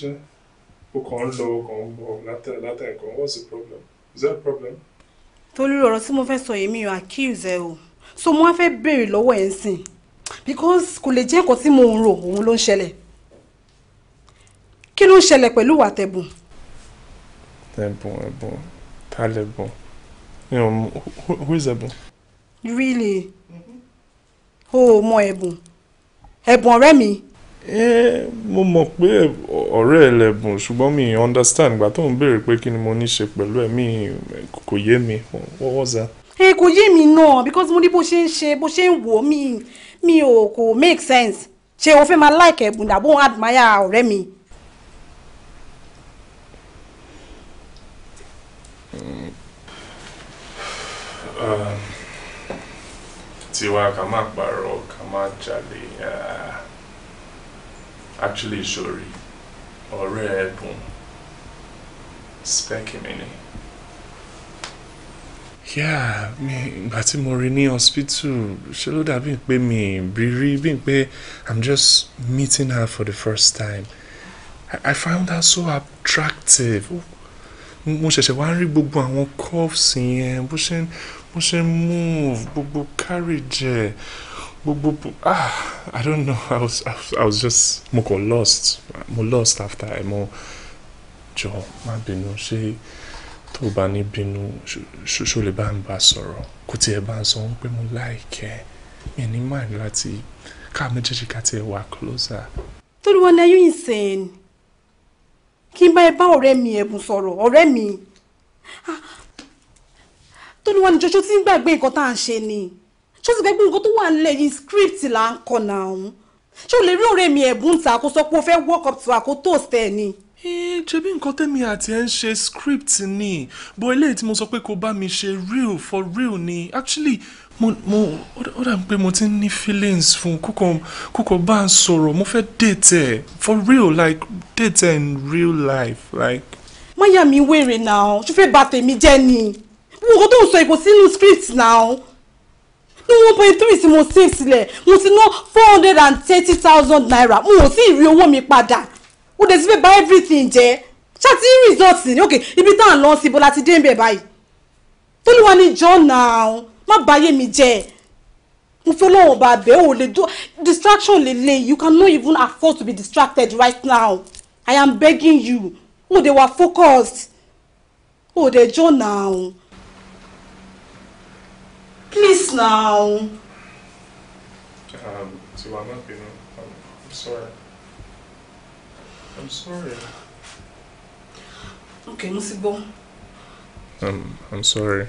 ṣiṣẹ́ ó kàn ń lọ ó kàn what's the problem is there a problem. Tolu, ọ̀rọ̀ tí mo fẹ́ sọ yìí mi ò accuse o so mo wá fẹ́ béèrè lọ́wọ́ because kò lè jẹ́ nǹkan tí mo ń rò òun ló ń ṣẹlẹ̀ kí ló ń ṣẹlẹ̀ pẹ̀lú ìwà tẹ̀bùn. ẹ̀bùn ẹ̀bùn ta lẹ̀bùn who is ẹ̀bùn. really o ò mọ ẹ̀bùn ẹ̀bùn ọ̀rẹ́ mi. Eh, mo mọ̀ pé ọ̀rẹ́ ẹ lẹ́bùn ṣùgbọ́n mi understand ìgbà tó ń béèrè pé kí ni mo ní ṣe pẹ̀lú ẹ̀ mi kò yé mi what was that. ẹ kò yé mi náà because mo ní bó ṣe ń ṣe bó ṣe ń wò ó mi mi ò kò make sense ṣé o fẹ́ máa like ẹ̀bùn dàbò ń admire ọ̀rẹ́ mi. Um, tiwa ká má parọ́ ká má jalè. Uh actually ìṣòrí ọ̀rẹ́ ẹ̀bùn spẹ́kìmínì. Yeah, me, but in mo rí hospital she ló dàbí pé mi me, rí bí I'm just meeting her for the first time. I, I found her so attractive. Mo ṣẹ̀ṣẹ̀ wá ń rí gbogbo àwọn curves yẹn bó ṣe ń move gbogbo carriage ẹ̀ gbogbo ah i don't know i was i was, I was just mo kàn lost mo lost after ẹ mo jọ má bínú ṣé tó bá ní bínú ṣoṣo lè bá ń bá sọ̀rọ̀ kò tiẹ̀ bá ń sọ pé mo láìkẹ́ mi ní máa ní láti ká méjèèjì ká tiẹ̀ wà closer. tolúwọlé yóò ń sìn kí n bá ẹ bá ọ̀rẹ́ mi ẹ̀bùn sọ̀rọ̀ ọ̀rẹ́ mi ah, tolúwọlé jọjọ tí ń gbàgbé nǹkan tá à ń ṣe ni ṣé ti gbẹ́gbẹ́ nǹkan tó wà nílẹ̀ yìí script là ń kọ náà ọ̀hún ṣé o lè rí ọ̀rẹ́ mi ẹ̀bùn ta kó sọ pé o fẹ́ work up to àkótó ọ̀sẹ̀ ni. ee eh, nǹkan tẹ́mi àti ẹ̀ ń ṣe script ni bó eléyìí tí mo sọ pé kó bá mi ṣe real for real ni actually mo mo ó dà pé mo ti ní feelings fún kókò kókò bá ń sọ̀rọ̀ mo fẹ́ date ẹ̀ for real like date ẹ̀ in real life like. máyà mi wèrè náà ṣùfẹ́ bàtẹ̀mí jẹ́ ni gbogbo tó ń sọ èkó sínú script náà ní one point three tí mo save sílẹ̀ mo ti ná four hundred and thirty thousand naira mo ò tí ì rí owó mi padà ó dẹ̀ ti fẹ́ bà everything jẹ́ ṣáàtì results, ni ok ibi tá à ń lọ sí ibo la ti dé ń bẹ̀ báyìí tóníwá ní john now. má báyé mi jẹ́ mo fẹ́ lọ́wọ́ bá bẹ́ẹ̀ ò lè do distraction lè le you cannot even afford to be distracted right now i am begging you o dey wa focused o dey john now. Please now. Um, Tiwa, má bínú. I'm sorry. I'm sorry. Okay, mo ti Um, I'm sorry.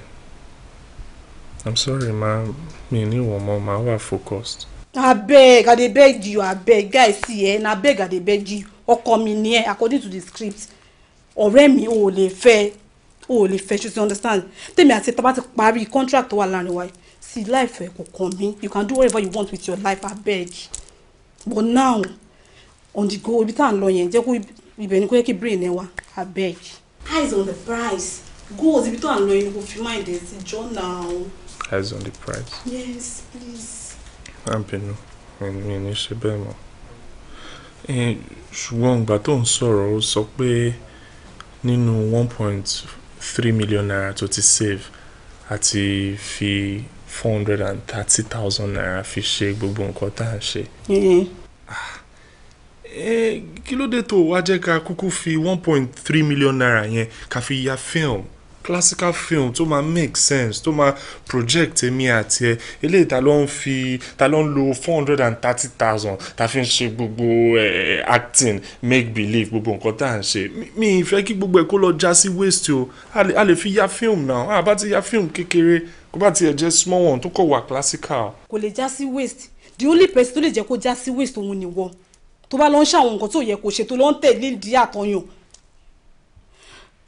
I'm sorry, ma. Me and you were ma were focused. beg. I dey beg you, I beg. Guys, see, eh? I beg, I dey beg you. Ọkọ come in here. according to the script. Ọ̀rẹ́ mi ò lè fẹ́ o ò lè fẹ́ ṣe you understand tèmi àti tàbá ti parí contract tó wà láàrin wa sí life ẹ kò kàn mí you can do whatever you want with your life abeg but now on the go ibi tá à ń lọ yẹn jẹ́ kó ibẹ̀ ni kó yẹ kí brain ẹ wá abeg. eyes on the prize goals ibi tó à ń lọ yẹn kò fi mind ẹ sí jọ now. eyes on the prize. yes please. má bínú mi ní ṣe bẹ́ẹ̀ mọ́ eh, ṣùgbọ́n ìgbà tó ń sọ̀rọ̀ ó sọ pé nínú one point three million naira to ti save àti fi four hundred and thirty thousand naira fi ṣe gbogbo nǹkan tá à ń ṣe. Ah. kí ló dé tó wá jẹ́ ká kúkú fi one point three million naira yẹn ká fi ya film classical film tó máa make sense tó máa project èmi àti ẹ eléyìí ta ló ń fi ta ló ń lo four hundred and thirty thousand ta fi ń ṣe gbogbo ẹ acting make believe gbogbo nǹkan tá à ń ṣe mi ìfẹ́ kí gbogbo ẹ̀ kó lọ já sí waste o a lè fi ya film now a bá ti ya film kékeré kó bá tiẹ̀ jẹ́ small one tó kọ̀ wà classical. kò lè já sí waste the only person tó lè jẹ́ kó já sí waste òun nìwọ tó bá lọ ń ṣàwọn nǹkan tó yẹ kó ṣe tó lọ ń tẹ̀lé ìdí àtọyàn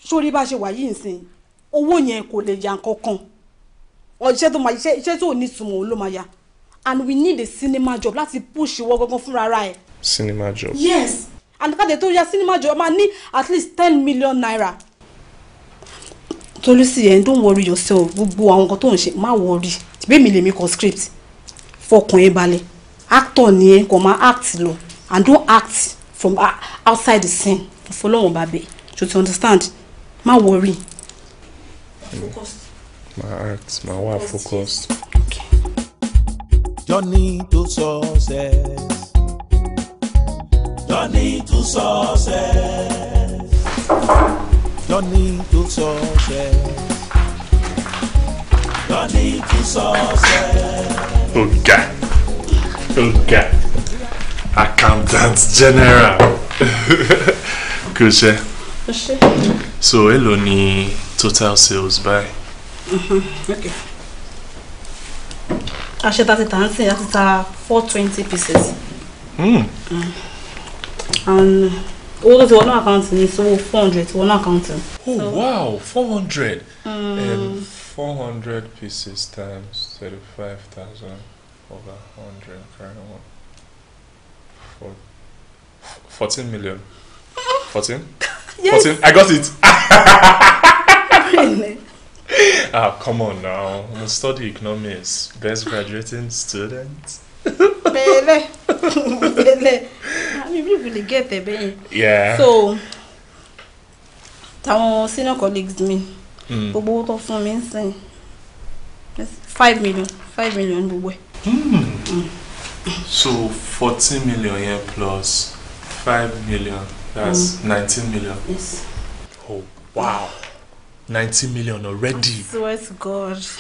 sórí bá ṣe wà yìí nsìn owó yẹn kò lè yà kankan iṣẹ́ tó máa iṣẹ́ tó ní sùnmọ̀ ló máa yà and we need a cinema job láti push ìwọ gangan fúnra ara ẹ. cinema job. yes and káde tó yà cinema job máa ní at least ten million naira. Tolú sí ẹ̀ eh, don't worry yourself gbogbo àwọn nǹkan tó ń ṣe má worry tìbí èmi lèmi kọ script fọkàn ẹ balẹ̀ actor ni ẹ kò máa act lọ and don't act from ah, outside the scene fọlọ́wọ́n bàbẹ̀ to understand má worry focused. My heart, my wife focused. Okay. Journey to success. Journey to success. Journey to success. Journey to success. Okay. Okay. Accountant General. Kò ṣe. Kò ṣe. So, èló ni total sales by. Mm-hmm. Okay. I said that it's tà ń sìn, a four twenty pieces. Hmm. Mm. And all tó ti wọnú àkáǹtì ni sówó four hundred ti wọnú àkáǹtì. Oh so, wow, four hundred. Hmm. Um, four hundred pieces times thirty-five thousand over hundred carry one. Four, fourteen million. Fourteen? yes. Fourteen? I got it. ah, come on now. I'm a study economist, best graduating student. Bele. Bele. I mean, you really get it, baby. Yeah. So, our senior colleagues me, we both of them mi ń five million, five million gbogbo ẹ̀. Hmm. Hmm. So fourteen million yẹn plus five million, that's hmm. nineteen mm. million. Yes. Oh, wow ninety million already. I swear to God.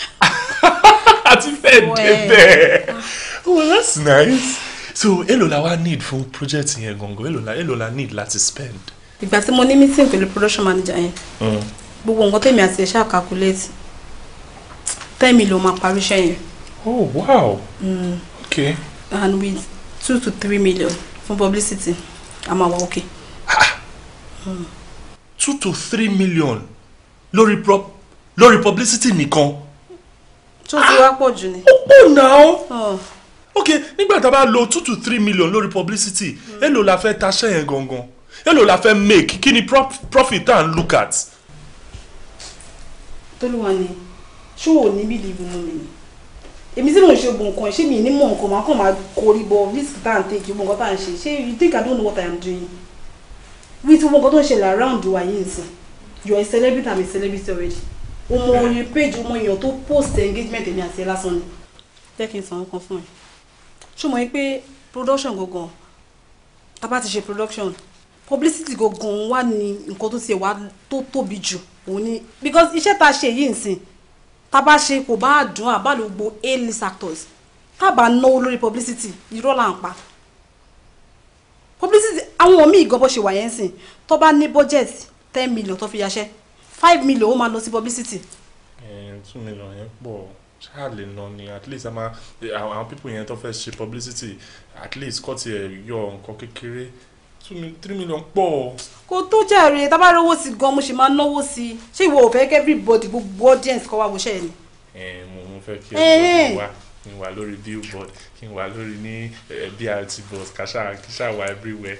àti fẹ́ẹ̀ dé bẹ́ẹ̀ well that's nice so èlò la wá need fún project yẹn gangan èlò la èlò la need láti spend. ìgbà tí mo ní meeting pẹ̀lú production manager yẹn mm. gbogbo nǹkan tèmi àti ẹ̀ṣá calculate ten million máa parí iṣẹ́ yẹn. oh wow mm. okay. and with two to three million for publicity a okay? wà okay. Mm. two to three million lórí prop lórí publicity nìkan. tó ti wá pọ̀ jù ni. ó pọ̀ náà oh. ok nígbà tá a bá lo two to three million lórí publicity hmm. èló la fẹ́ taṣẹ́ yẹn gangan èló la fẹ́ make kí ni profit tá à ń look at. tolúwa ni ṣó o ní bí livu mú mi èmi tí mò ń ṣe oògùn nǹkan ṣé mi ní mọ nǹkan máa kàn máa korí bọ risk tá à ń take oògùn nǹkan tá à ń ṣe ṣé you think I don't know what I am doing with oògùn nǹkan tó ń ṣẹlẹ̀ around wa yìí nìsín you are a celebrity i'm a celebrity already ọmọ oyin page ọmọ èèyàn to post engagement èmi àti ẹ lásán ni jẹ́ kí n sàn kan fún ẹ ṣùgbọ́n yín pé production gangan tá a bá ti ṣe production publicity gangan wà ní nǹkan tó ti wà tó tóbi jù òun ni because iṣẹ́ tá a ṣe yìí nsìn tá a bá ṣe kò bá dùn àbá ló gbo a-list actors tá a bá náwó lórí publicity irọ́ là ń pa publicity àwọn míì gan bó ṣe wà yẹn nsìn tó bá ní budget ten million tó fi yaṣẹ́ five million ó máa lọ sí publicity. two million yẹn pọ̀ ṣáà lè nà ni at least àwọn people yẹn tó fẹ́ ṣe publicity at least kọ́ tiẹ̀ yọ nǹkan kékeré two million three million pọ̀. kò tó jàre tá a bá rówó sí gan mo ṣì máa náwó sí i ṣé ìwọ ò fẹ́ kí everybody gbogbo audience kọ́ wá wo ṣẹ́ ẹ ni. mo fẹ́ kí everybody wá kí n wà lórí billboard kí n wà lórí ní eh, brt bus kàṣà kàṣà wà everywhere.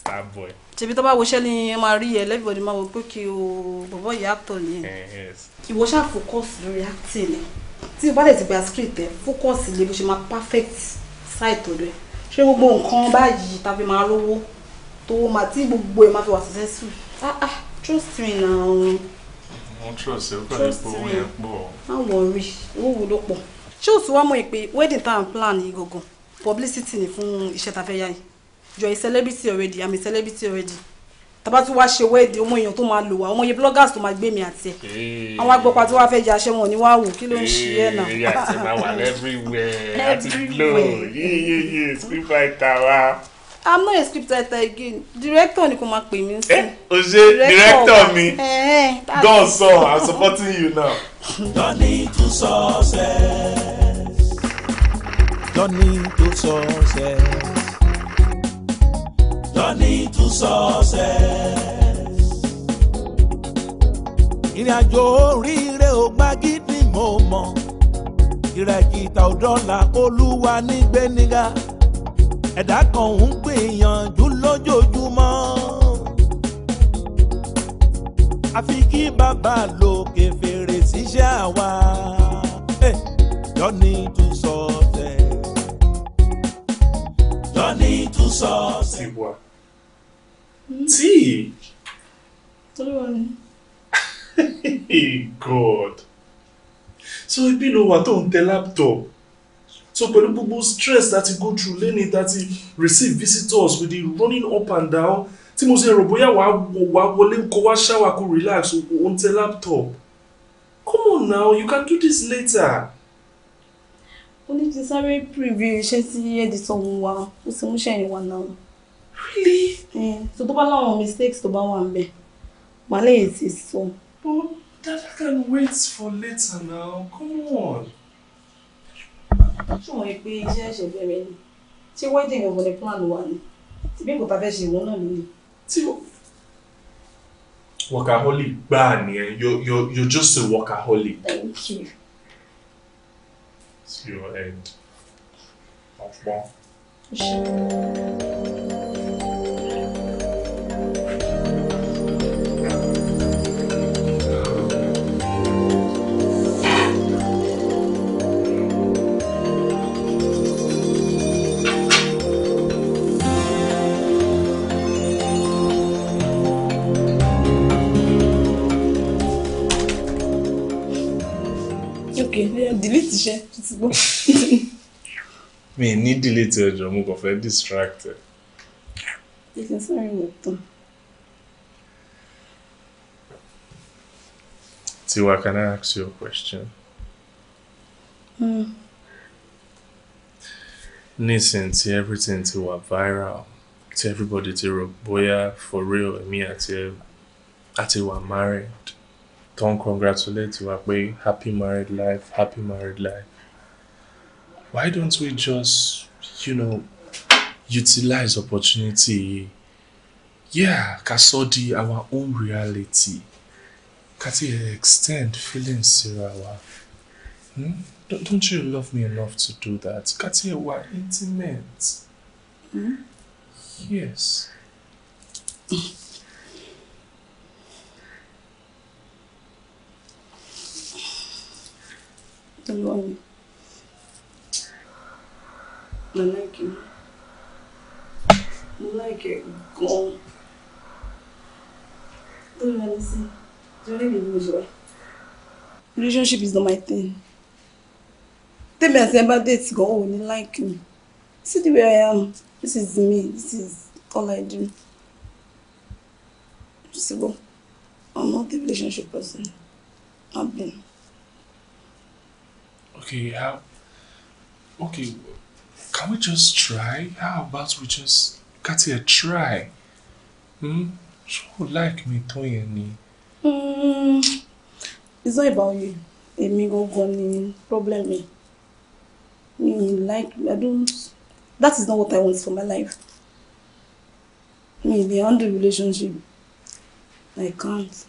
Starboy. tèmi tó bá woṣẹ́ ni ẹ máa rí everybody máa wò pé kí o bọ̀bọ̀ yìí actor ni ẹ eh, ìwọ ṣáà focus lórí acting ẹ tí o bá dẹ̀ ti gba script ẹ focus lè bó ṣe máa perfect side tó dẹ ṣé gbogbo nǹkan báyìí tàbí máa lówó tó máa tí gbogbo ẹ máa fi wà successful ah ah trust me na o. mo trust ẹ o kàn lè pọ owó yẹn pọ. àwọn rí owó wo ló pọ̀ ṣé òtún wá mọ̀ pé wedding tá plan yìí gangan publicity ni fún iṣẹ́ tá a fẹ́ yá yìí you are a celebrity already i'm a celebrity already Taba tí wàá ṣe wẹ́ẹ̀dì ọmọ èèyàn tó máa lò wá ọmọ iye bloggers tó máa gbé mi àti ẹ̀ àwọn agbọ́pá tí wàá fẹ́ jẹ aṣẹ́ wọn ni wàá wò kí ló ń ṣe ẹ̀ náà. ẹyà ti máa wà everywhere àti glow yíyíyí script writer wa. i'm not a script writer again director ni kò máa pè mí sí. ẹ eh, o ṣe director mi don sọ i'm supporting you now. Journey to success. Journey to success. Journey to success. ìrìnàjò oríire ò gbàgídí mo mọ̀ ìrẹ̀kìtà òdọ́là olúwa nígbẹ́niga ẹ̀dá kan ń gbìyànjú lójoojúmọ́. àfi kí bàbá lòkè fèrè síṣẹ́ àwa Journey to success. Journey to success. Tí. God. So he ló wà tó ń laptop. So pẹ̀lú gbogbo stress he go through that he receive visitors with the running up and down tí mo ṣe rò wa wàá wàá wọlé kó wá ṣáwà kó relax ó ń laptop. Come on now, you can do this later. Ó ní ti sáré preview iṣẹ́ tí Edison wa, ó sì mú ṣẹ́yìn wa náà really. Mm. so tó bá láwọn mistakes tó bá wà ń bẹ màá lẹ́yìn ti sọ. but dada can wait for later now come on. ṣé wọ́n yẹ pé iṣẹ́ ẹ̀ṣẹ̀ bẹ̀rẹ̀ ni ṣé wedding ọ̀gbọ̀n ni plan wà ni tìbí kò tá fẹ́ ṣe ìwọ náà nìyí. tí o. workaholic gbáà nìyẹn you're you you just a workaholic. thank you. it's your end. more. Okay, euh, delete iṣẹ́ mi ní delete ẹjọ mo kàn fẹ́ distract ẹ. ìṣe sáré mo tán. Tiwa, can I ask you a question? Mm. Nísìn tí everything ti wà viral, tí everybody ti rò bóyá for real èmi àti àti wà married, tó congratulate wa pé happy married life, happy married life why don't we just, you know, utilize opportunity? Yeah, ká our own reality. Ká extend feelings sirawa. Hmm? Don't you love me enough to do that? Ká ti intimate. Hmm? Yes. Don't worry. I like him. I like it gone. Don't let me see. Don't let me lose Relationship is not my thing. Tèmi àti ẹ̀bá date gan ò ní like me. See the way I am. This is me. This is all I do. Sibo, I'm not the relationship person. I've been. Okay, how? Okay can we just try? How about we just got a try? Hmm? So like me to any. Hmm. It's not about you. Èmi gangan ni problem me. Me like I don't that is not what I want for my life. Me beyond the relationship. I can't.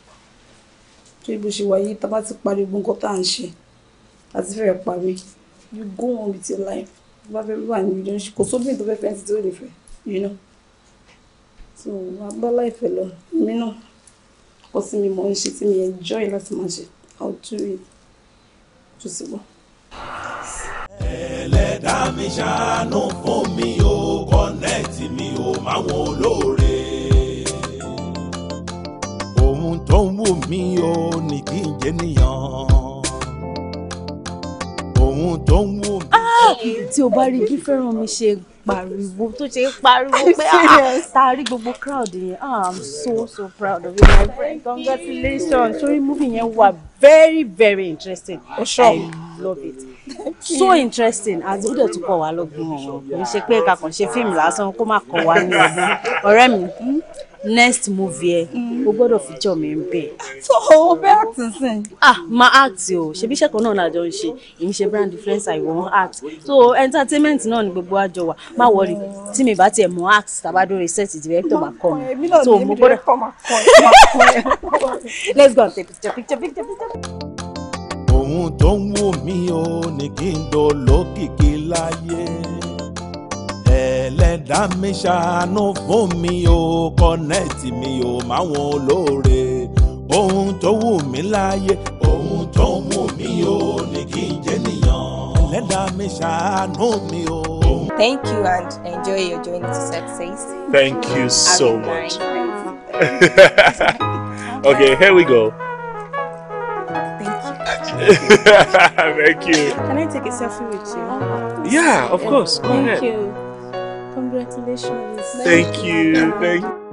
Ṣé bó ṣe wáyé tá a bá ti parí gbogbo nǹkan tá à ń ṣe You go on with your life bá fẹ́ wà ní relationship kò sóbìn tó fẹ́ fẹ́ ti tó lè fẹ́ you know so wàá bá láìfẹ́ lọ mí náà kò sí mi mọ̀ ń ṣe tí mi enjoy láti máa ṣe how to it tó sì bọ̀. ẹlẹ́dà mi ṣàánú fún mi o kọ́nẹ́ẹ̀tì mi o máa wọn olóore ohun tó ń wù mí o ní kí ohun tó ń wù káàkiri tí o bá rí bí fẹ́ràn mi ṣe pariwo tó ṣe pariwo pé ah, taari gbogbo crowd yẹn ah, i'm so so proud of you my friend congratulations sórí movie yẹn wà very very interesting oh, sure. i love it so interesting as ó dẹ̀ tún kọ́ wa lọ́gbọ́n ọ̀hún kò ń ṣe pé kàkàn ṣe fíìmù lásán kó má kọ́ wa ní ọ̀gbọ́n ọ̀rẹ́ mi. Hmm? next movie ẹ o gbọ́dọ̀ feature mi ń bẹ̀. so o fẹ́ act nsìn. ah máa act o ṣebí ṣẹ́kọ̀ọ́ náà làjọ ń ṣe èmi ṣe brand difference i wan act so entertainment náà ni gbogbo àjọ wa má wọrí tí mi bá tiẹ̀ mọ act tàbádọ́rẹ̀ research director máa kọ́ mi so mo gbọ́dọ̀. let's go and take picture picture picture picture ohun tó ń wò mí o ní kí n dọ̀ lókìkí láyé ẹlẹ́dàá mi ṣàánú fún mi o kọ́nẹ́ẹ̀tì mi o máwọn olóore ohun tó wù mí láyé ohun tó wù mí o ní kí n jẹ́ nìyàn ẹlẹ́dàá mi ṣàánú mi o. Thank you and enjoy your journey to success. Thank you so much. okay, here we go. Thank you. Can I take a selfie with you? Yeah, of course. Thank you. Congratulations. Thank, Thank you. you. Thank you.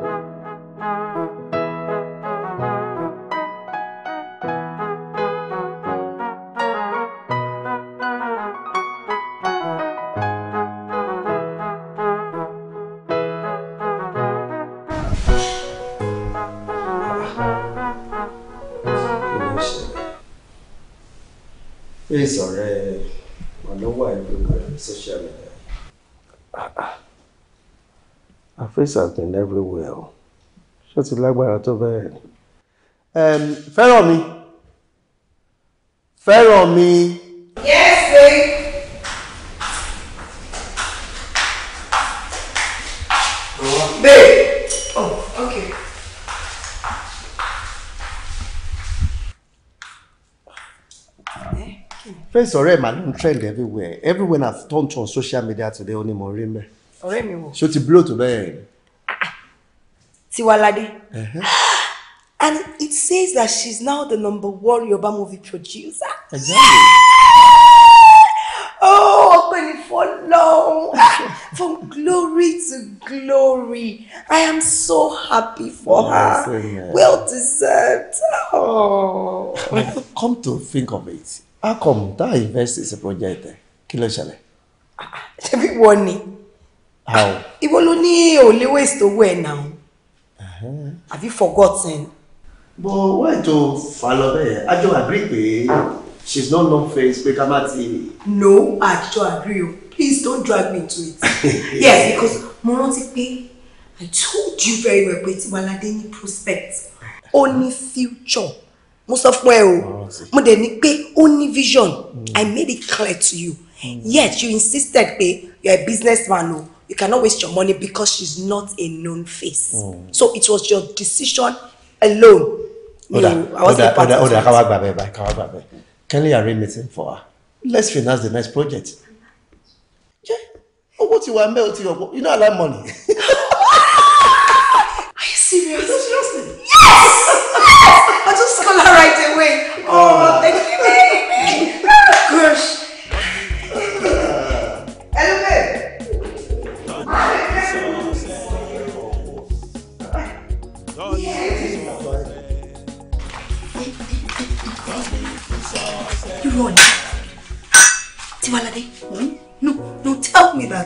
Please, alright. I know why I'm doing face has been everywhere o ṣé ti lágbára tó bẹ́ẹ̀ ni. fẹ́ràn mi fẹ́ràn mi. yes babe. babe. oh okay. face ọ̀rẹ́ màá ló ń trend everywhere everywhere na turn to on social media today ó ní mo rí mẹ́. ọ̀rẹ́ mi wò. ṣé o ti blow tó bẹ́ẹ̀ Tiwalade. Uh-huh. And it says that she's now the number one Yoruba movie producer. Exactly. oh, Ogbeni long From glory to glory. I am so happy for yes, her. Yes. Well deserved. Oh. come to think of it, how come that invest is a project? Kilo ló ṣẹlẹ̀? Ah, ah, ṣebí wọ́n ni. How? Ìwọ ló ní òléwé ìsòwò ẹ̀ náà have you forgotten. But why ètò fà lọ bẹ́ẹ̀ àjọ agree pé she's not long face pé ká má ti. no àjọ agree o please don't drag me into it. yes because mo rántí pé i told you very well pé tiwalade ní prospect ó ní future mo sọ fún ẹ o mo dẹ̀ ní pé ó ní vision mm. i made it clear to you yet you insisted pé you're a businessman o. No you cannot waste your money because she's not a known face. Mm. So it was your decision alone. Oda, Oda, Oda, Oda, káwá gbà bẹ́ẹ̀ báyìí, káwá gbà bẹ́ẹ̀. Can you arrange meeting for her? Let's finance the next project. Yeah, owó ti wà ń bẹ́ o ti yọ̀pọ̀, you know I like money. Are you serious? Seriously? Yes! yes! I just saw that right away. Oh, oh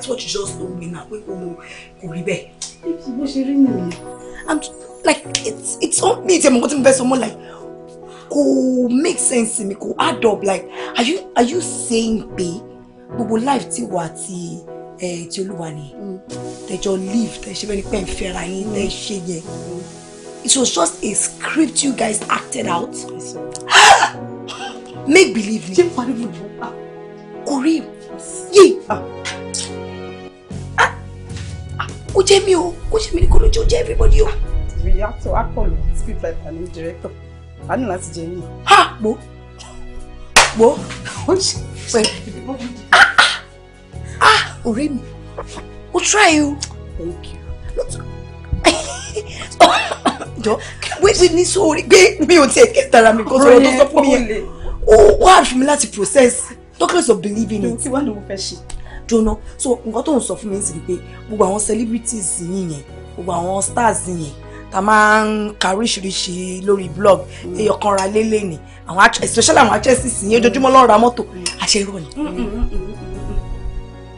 touch just don't mean na we, o kò rí bẹ́ẹ̀. bó i'm like it's it's on me I'm going to tí mo like kò make sense mi kò add up like are you are you saying pé gbogbo life ti wà ti ti olúwa ni tẹjọ live tẹ ṣe bẹ́ẹ̀ ni pẹ́ ń fẹ́ra yín tẹ ṣe yẹn it was just a script you guys acted out make believe ni. ṣé parí mi ló kó jẹ́ mi o kó jẹ́ mi ní kọ́lọ́jì ó jẹ́ everybody o. reactor apollo speed by palo director a ní láti jẹ yín. ha gbó gbó pẹ̀lú ah ọ̀rẹ́ mi o try o. thank you. jọ wíwí ní sórí gbé mi ò tiẹ̀ kí tara mi kó sọ̀rọ̀ tó sọ fún mi yẹn o wá fún mi láti process doctors of believing it. kí wàá ní mo fẹ́ ṣe jóná so nǹkan tó ń sọ fún mi sì ni pé gbogbo àwọn celebrities yìí yẹn gbogbo àwọn stars yìí ta máa ń ka oríṣiríṣi lórí blog ẹyọ kan ra ni àwọn especially àwọn actresses yẹn ojoojúmọ́ lọ́ọ́ ra mọ́tò àṣẹrò ni. Mm, mm, mm,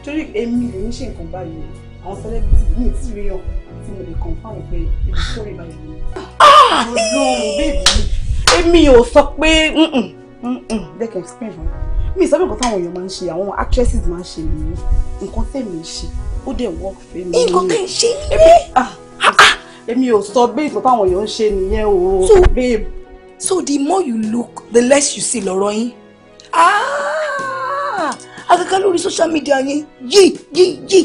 torí èmi lè ń ṣe nǹkan báyìí àwọn celebrity mi ti rí ọ tí mo lè confirm pé ibi tó báyìí. Ah, ọlọ́run bẹ́ẹ̀ èmi ò sọ pé They can explain fún Me, sọ pé nǹkan táwọn èèyàn máa ń ṣe actresses máa ń ṣe nìyí nǹkan tèmi ń ṣe ó dẹ̀ work fẹ́ mi. nǹkan tẹ̀ ń ṣe nìyẹn. Ah, ah, ah, èmi ò sọ bẹ́ẹ̀ nǹkan táwọn èèyàn ń ṣe nìyẹn o babe. so the more you look the less you see lọ́rọ̀ Ah, àgàgà lórí social media yẹn yí yí yí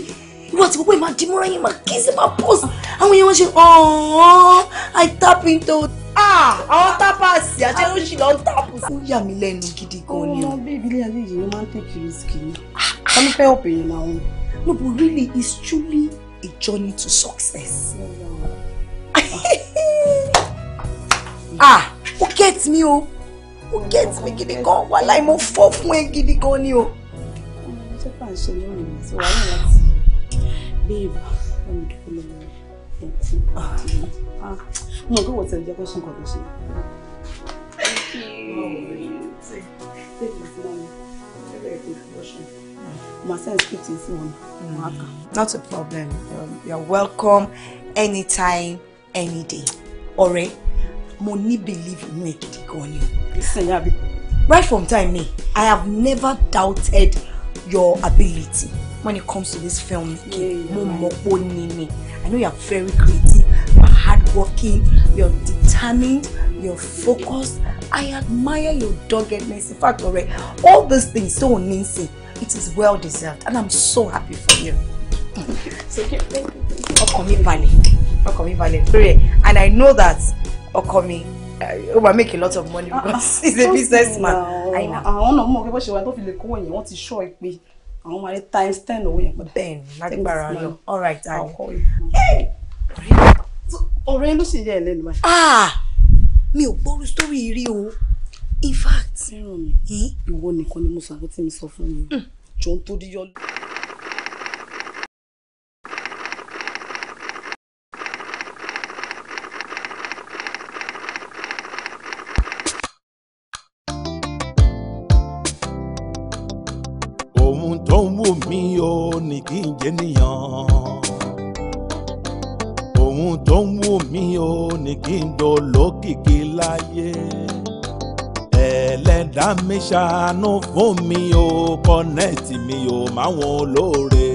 irú àti gbogbo ìmọ̀ àdìmúra yẹn máa kí sí máa post àwọn èèyàn wọn ṣe ọ̀ọ́n i tap into ah àwọn tapas àti ẹlòmíràn ṣì lọ tap ó yà mí lẹ́nu gidi gan ni. ọmọ bébí ilé ayé yìí máa ń tètè rìsíkì ni wọn ló fẹ́ òpè yẹn làwọn. no but really it's truly a journey to success. ah ó get me o ó get me gidi gan wàhálà mo fọ́ fún ẹ gidi gan ni o. ṣé fà ń ṣe lónìí ní ti wàhálà láti bèèrè ọmọ ìdókòlò ẹ̀ tí mo kí wọ́n ti ẹ̀ jẹ́ kó ṣe nǹkan tó ṣe. Not a problem. Um, you're welcome anytime, any day. Ọ̀rẹ́, money believe me gidi gan ni. Right from time me, I have never doubted your ability when it comes to this film. Mo mọ̀ I know you are very creative, hardworking, you are determined, you are focused. I admire your doggedness. In fact, already, all these things, so Nancy, it is well deserved, and I'm so happy for you. so, ọkàn mi balẹ̀, ọkàn mi balẹ̀. And I know that ọkàn mi eh, ó make a lot of money ah, ah, because he's a businessman. Oh, I know. Ah, one of bó ṣe wà tó fi lè kówó yẹn, wọ́n ti ṣọ́ ẹ pé àwọn máa ní times ten owó yẹn padà. Bẹ́ẹ̀ni, lágbára lọ. All right, I. Ọ̀rẹ́ ló sì yẹ ẹ lẹ́nu báyìí. Ah! mi ò gbọ́rú sórí rí o in fact. fẹ́ràn mi ìwọ nìkan ni mo sọ àbótí mi sọ fún mi jọ ń tó díyọ. ohun tó ń wù mí o ní kí n jẹ́ nìyàn àwọn tó ń wò mí o ní kí n dolókìkí láyé ẹlẹ́dàá mi ṣàánú fún mi o kọ́nẹ́ẹ̀tì mi o máwọn olóore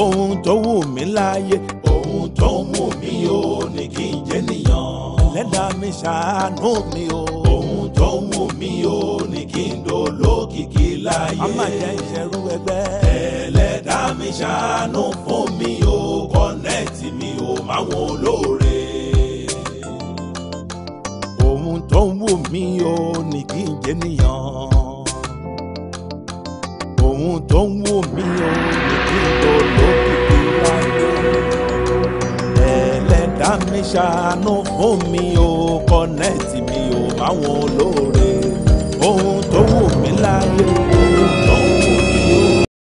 ohun tó wù mí láyé ohun tó ń wù mí o ní kí n jẹ́ nìyàn mi ṣàánú mi o ohun tó ń wù mí o ní kí n dolókìkí láyé a máa jẹ́ ìṣẹ́rú ẹgbẹ́ ẹlẹ́dàá mi ṣàánú fún mi o máwọn olóore. ohun tó ń wù mí o ní kí n jẹ́ nìyàn. ohun tó ń wù mí o ní kí n lò lókìkí láyé. ẹlẹ́dà mi ṣàánú fún mi o kọ́nẹ́ẹ̀tì mi o máwọn olóore. ohun tó wù mí láyé ohun tó ń wù mí.